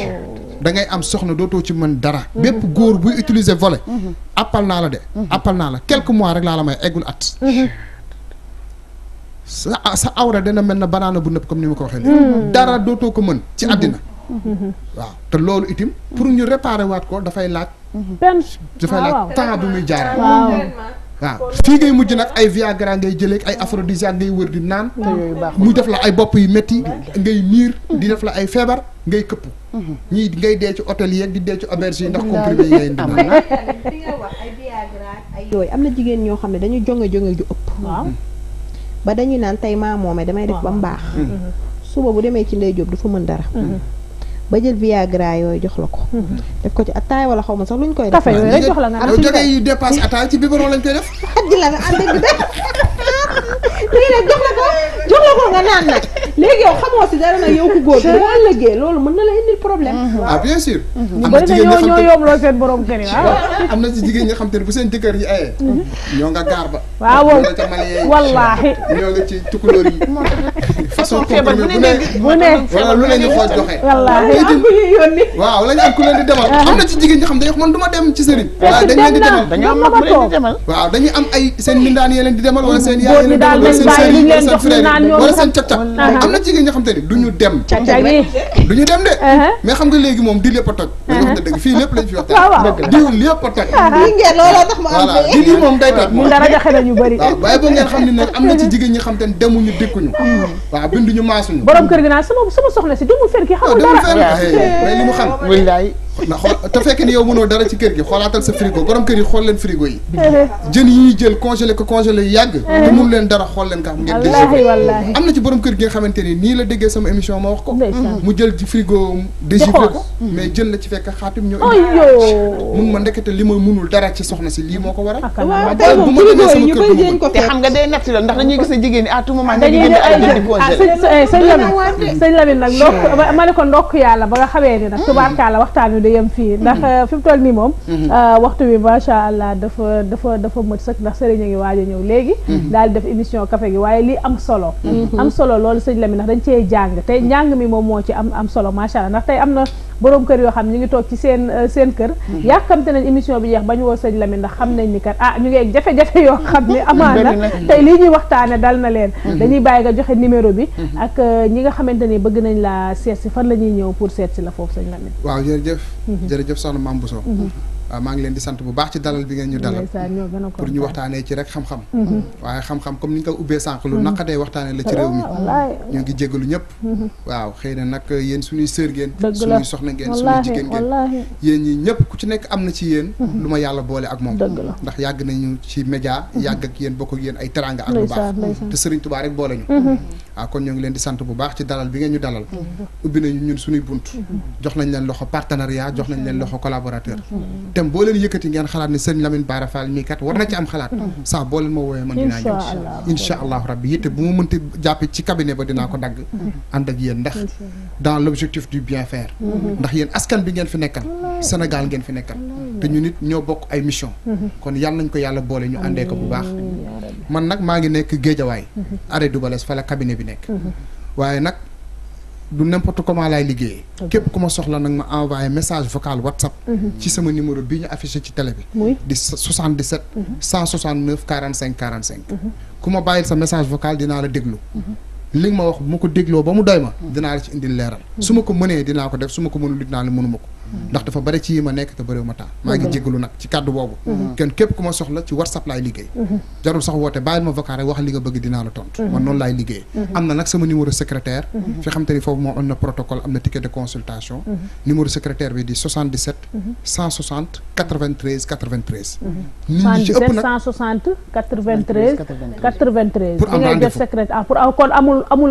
da ngay am soxna dootoo ci mën dara. bépp góor buy utiliser vole uh-huh. appal naa la de. Uh-huh. appal naa la quelques mois rek laa la may eggul at. sa sa awra dana mel na banaana bu nëpp comme ni ma ko waxee. Mm. dara dootoo ko mën ci mm-hmm. àddina. waaw te loolu itam. pour ñu réparer waat ko dafay laaj. dafay laaj temps bu muy jaaree. waaw fii ngay mujj nag ay viagra ngay jëlee ay aphrodisiaque ngay wër di naan. mu def la ay bopp yu métti. ngay miir di uhuh. def la ay feebar ngay këpp. Uhuh. ñii ngay dee ci hôtel di dee ci auberge yi ndax comprimé yi ngay yooyu am na jigéen ñoo xam ne dañu jonge jonge ju ëpp. waaw ba dañuy naan tey maa moomee damay def ba mu baax. Uhuh. suba bu demee ci ndey jóob dafa mën dara. ba jël Viagra yooyu jox la ko. Mhm. def ko ci attaay wala xaw ma sax lu ñu koy. def yooyu rek jox la nga am jóge yi dépasse attaay naan nag léegi yow xamoo si dara nag yow ku góor bi boo ëllëgee loolu mën na la indil problème. Mhm. ah bien sûr. Mhm. am na jigéen ñoo ñoo yomloo seen borom kër am na si jigéen nga xam te ne bu seen jëkkër yi ayee. ñoo nga gaar ba. waaw wallaahi ñoo nga ci tukulóor yi. façon compromis bu ne bu ne lu ne ñu xool waaw la am ku leen di demal waaw dañu am ay seen mindaan yee leen di demal wala seen yaay leen demal seen sëriñ wala seen frère wala am na jigéen ñi xam te du ñu dem du ñu dem de mais xam nga léegi moom di lépp toj dañu xam ne dëgg fii lépp lañ fi wax diw lépp a toj voilà di lii moom day toj waaw waaye boo ngeen xam ne nag am na ci jigéen ñi xam te demuñu binduñu maasuñu borom kër gi naan sama sama soxna si demul fenn kii xamul dara demul fenn ah. eh, li mu xam na xool te fekk ni yow mënoo dara ci kër gi xoolaatal sa frigo borom kër yi xool leen frigo yi. jën yi jël congelé ko congelé yu yàgg. te mënu leen dara xool leen ka xam nga xamante ni ndax dañuy gis ne jigéen ñi ah sëñ Lamine sëñ Lamine eh, ndokk ma ko ndokk yàlla ba nga xamee ni nag mm. tubaarkaala waxtaan wi di fii ndax mhm. fi mu toll nii moom mhm. ah, waxtu wi macha allah dafa dafa dafa mët sëkk ndax sëriñ a ngi waaj a ñëw léegi mhm. daal di def émission kafe gi waaye lii am solo am solo loolu sëñ mi ndax dañ cee jàng tey njàng mi moom moo ci am am solo macha allah ndax tey am na borom kër yoo xam ne ñu ngi toog ci seen euh, seen kër yàkkamte nañ émission bi jeex ba ñu woo sëñ Lamine ndax xam nañ ni kat ah ñu ngee ak jafe-jafe yoo xam ne amaana tey lii ñuy waxtaane dal na leen dañuy bàyyi nga joxe numéro bi ak euh, ñi nga xamante ni bëgg nañ laa seet fan la ñuy ñëw pour seet si foofu sëñ Lamine waaw jërëjëf jërëjëf soxna Mame Bousso maa ngi leen di sant bu baax ci dalal bi ngeen ñu dalal pour ñu waxtaanee ci rek xam-xam mm-hmm. waaye xam-xam comme ni nga ko ubbee sànq lu mm-hmm. naqadee waxtaanee la ci réew mi ñu ngi jégalu ñëpp mm-hmm. waaw xëy na nag yéen suñuy sœur ngeen suñuy soxna ngeen suñuy jigéen ngeen yéen ñi ñëpp ku ci nekk am na ci yéen lu ma yàlla boole ak moom ndax yàgg nañu ci média yàgg ak yéen bokk ak yéen ay teranga ak lu baax te Serigne Touba rek boole ñu ah kon ñoo ngi leen di sant bu baax ci dalal bi ngeen ñu dalal ubbi nañu ñun suñuy bunt jox nañ leen loxo partenariat jox nañ leen loxo collaborateur thème boo leen yëkkati ngeen xalaat ne sëñ Lamine Bara Fall mii kat war na ci am xalaat sax boo leen ma woowee man dinaa ñëw incha allahu rabbi yitte bu ma mënti jàppe ci cabinet ba dinaa ko dagg ànd ak yéen ndax dans l'objectif du bien faire ndax yéen askan bi ngeen fi nekkal Sénégal ngeen fi nekkal te ñu nit ñoo bokk mission kon yàlla nañ ko yàlla boole ñu àndee ko bu baax man nag maa ngi nekk Géejawaay arrêt Dubalas fa la cabinet bi nekk du n'importe comment lay liggéeyee képp ku soxla nak ma envoyer message vocal whatsapp mhm. ci sama numéro bii ñu affiché ci télé bi di 77 169 45 45 ku bayil sa message vocal dina la déglu mhm. li nga ma wax bu ma ko ba mu doyma ma mhm. dinaa la ci indil leral suma ko mënee dina ko def suma ko mënul dina la mënuma ndax dafa bëri ci yi ma nekk te bëriwuma temps maa ngi jégalu nag ci kàddu boobu kenn képp ku ma soxla ci whatsapp laay liggéey jarul sax woote bàyyil ma vocal rek wax li nga bëgg dinaa la tontu man noonu laay liggéey am na nag sama numéro secrétaire fi xam foofu moom am na protocole am na ticket de consultation numéro secrétaire bi di 77 160 93 93 nit ñi ci ëpp nag 160 93 93 pour am ah, ah, kon amul amul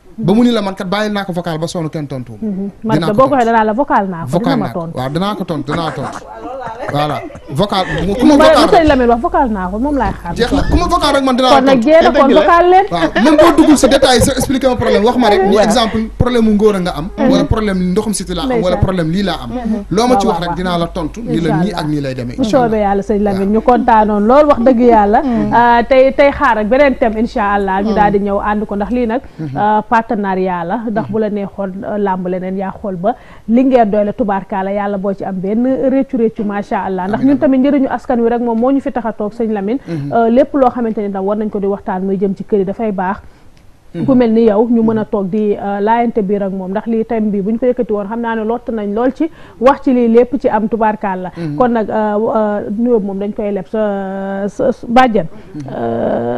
ba mu ni la man kat bàyyil naa ko vocal ba sonn kenn mhm. tontu. dinaa ko la vocal naa ko. vocal naa ko waaw danaa ko danaa tontu. voilà vocal ku ma vocal rek wax vocal naa ko moom laay xaar. na ku ma vocal rek man dinaa. kon nag jéem a kon vocal leen. ma problème wax ma rek. a am. Mm-hmm. wala problème ndoxum siti laa am wala problème lii laa am. Mm-hmm. loo ma ci la tontu. ni la nii ak nii lay demee. incha allah bu soobee yàlla sëñ Lamine ñu kontaanoon lool wax dëgg yàlla. Mm-hmm. Ah, tey tey xaar ak beneen thème incha allah. ñu daal di ñëw ànd ko ndax lii nag. Ah, partenariat la ndax bu la neexoon ah, làmb leneen yaa xool ba li ngeen doy la tubaarkaala yàlla boo ci am benn réccu réccu macha incha ndax ñun tamit njëriñu askan wi rek moom moo ñu fi tax a toog sëñ Lamine mhm. euh, lépp loo xamante ni tam war nañ ko di waxtaan muy jëm ci kër yi dafay baax mhm. ku mel ni yow ñu mën a toog di euh, laayante biir ak moom ndax lii thème bii bu ñu ko ti woon xam naa ne lott nañ lool ci wax ci lii lépp ci am tubaarkaal la mhm. kon nag euh, nuyoo moom dañ koy leb sa bàjjan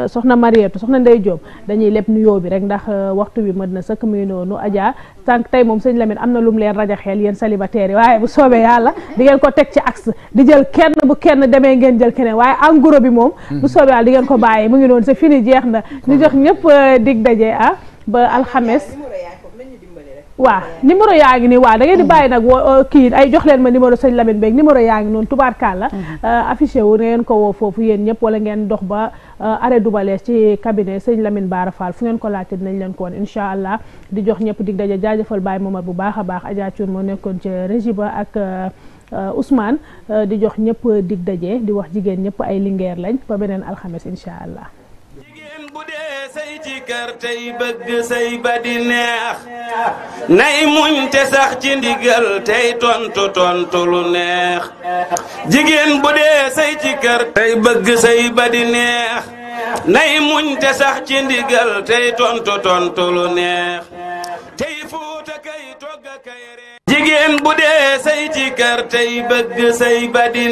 soxna Mariétu soxna Ndey Jóob dañuy leb nuyoo bi rek ndax waxtu bi mën na sëkk muy noonu Adja sànq tey moom sëñ Lamine am na lum leen rajaxeel yéen célibataires yi waaye bu soobee yàlla di ngeen ko teg ci axe di jël kenn bu kenn demee ngeen jël keneen waaye en gros bi moom hmm. bu soobee yàlla di ngeen ko bàyyee mu ngi noonu fi ni jeex na ñu jox ñëpp euh, dig daje ah ba alxames waaw numéro yaa ngi nii waaw da ngeen di mm. bàyyi nag euh, kii ay jox leen ma numéro sëñ Lamine beek numéro yaa ngi noonu tubaarkàlla mm-hmm. euh, affiché wu ngeen ko woo foofu yéen ñëpp wala ngeen dox ba euh, arrêt dubalees ci cabinet sëñ Lamine Bara Fall fu ngeen ko laajte dinañ leen koon woon allah di jox ñëpp dig daje jaajëfal Baye Momar bu baax a baax Adja moo nekkoon ci régie ba ak Ousmane di jox ñëpp dig daje di wax jigéen ñëpp ay lingeer lañ ba beneen alxames incha allah say jikar tey bëgg ba di neex nay muñ te sax ci ndigal tey tontu tontu lu neex jigéen bu dee say jikar tey te sax fuuta kay togga kay ree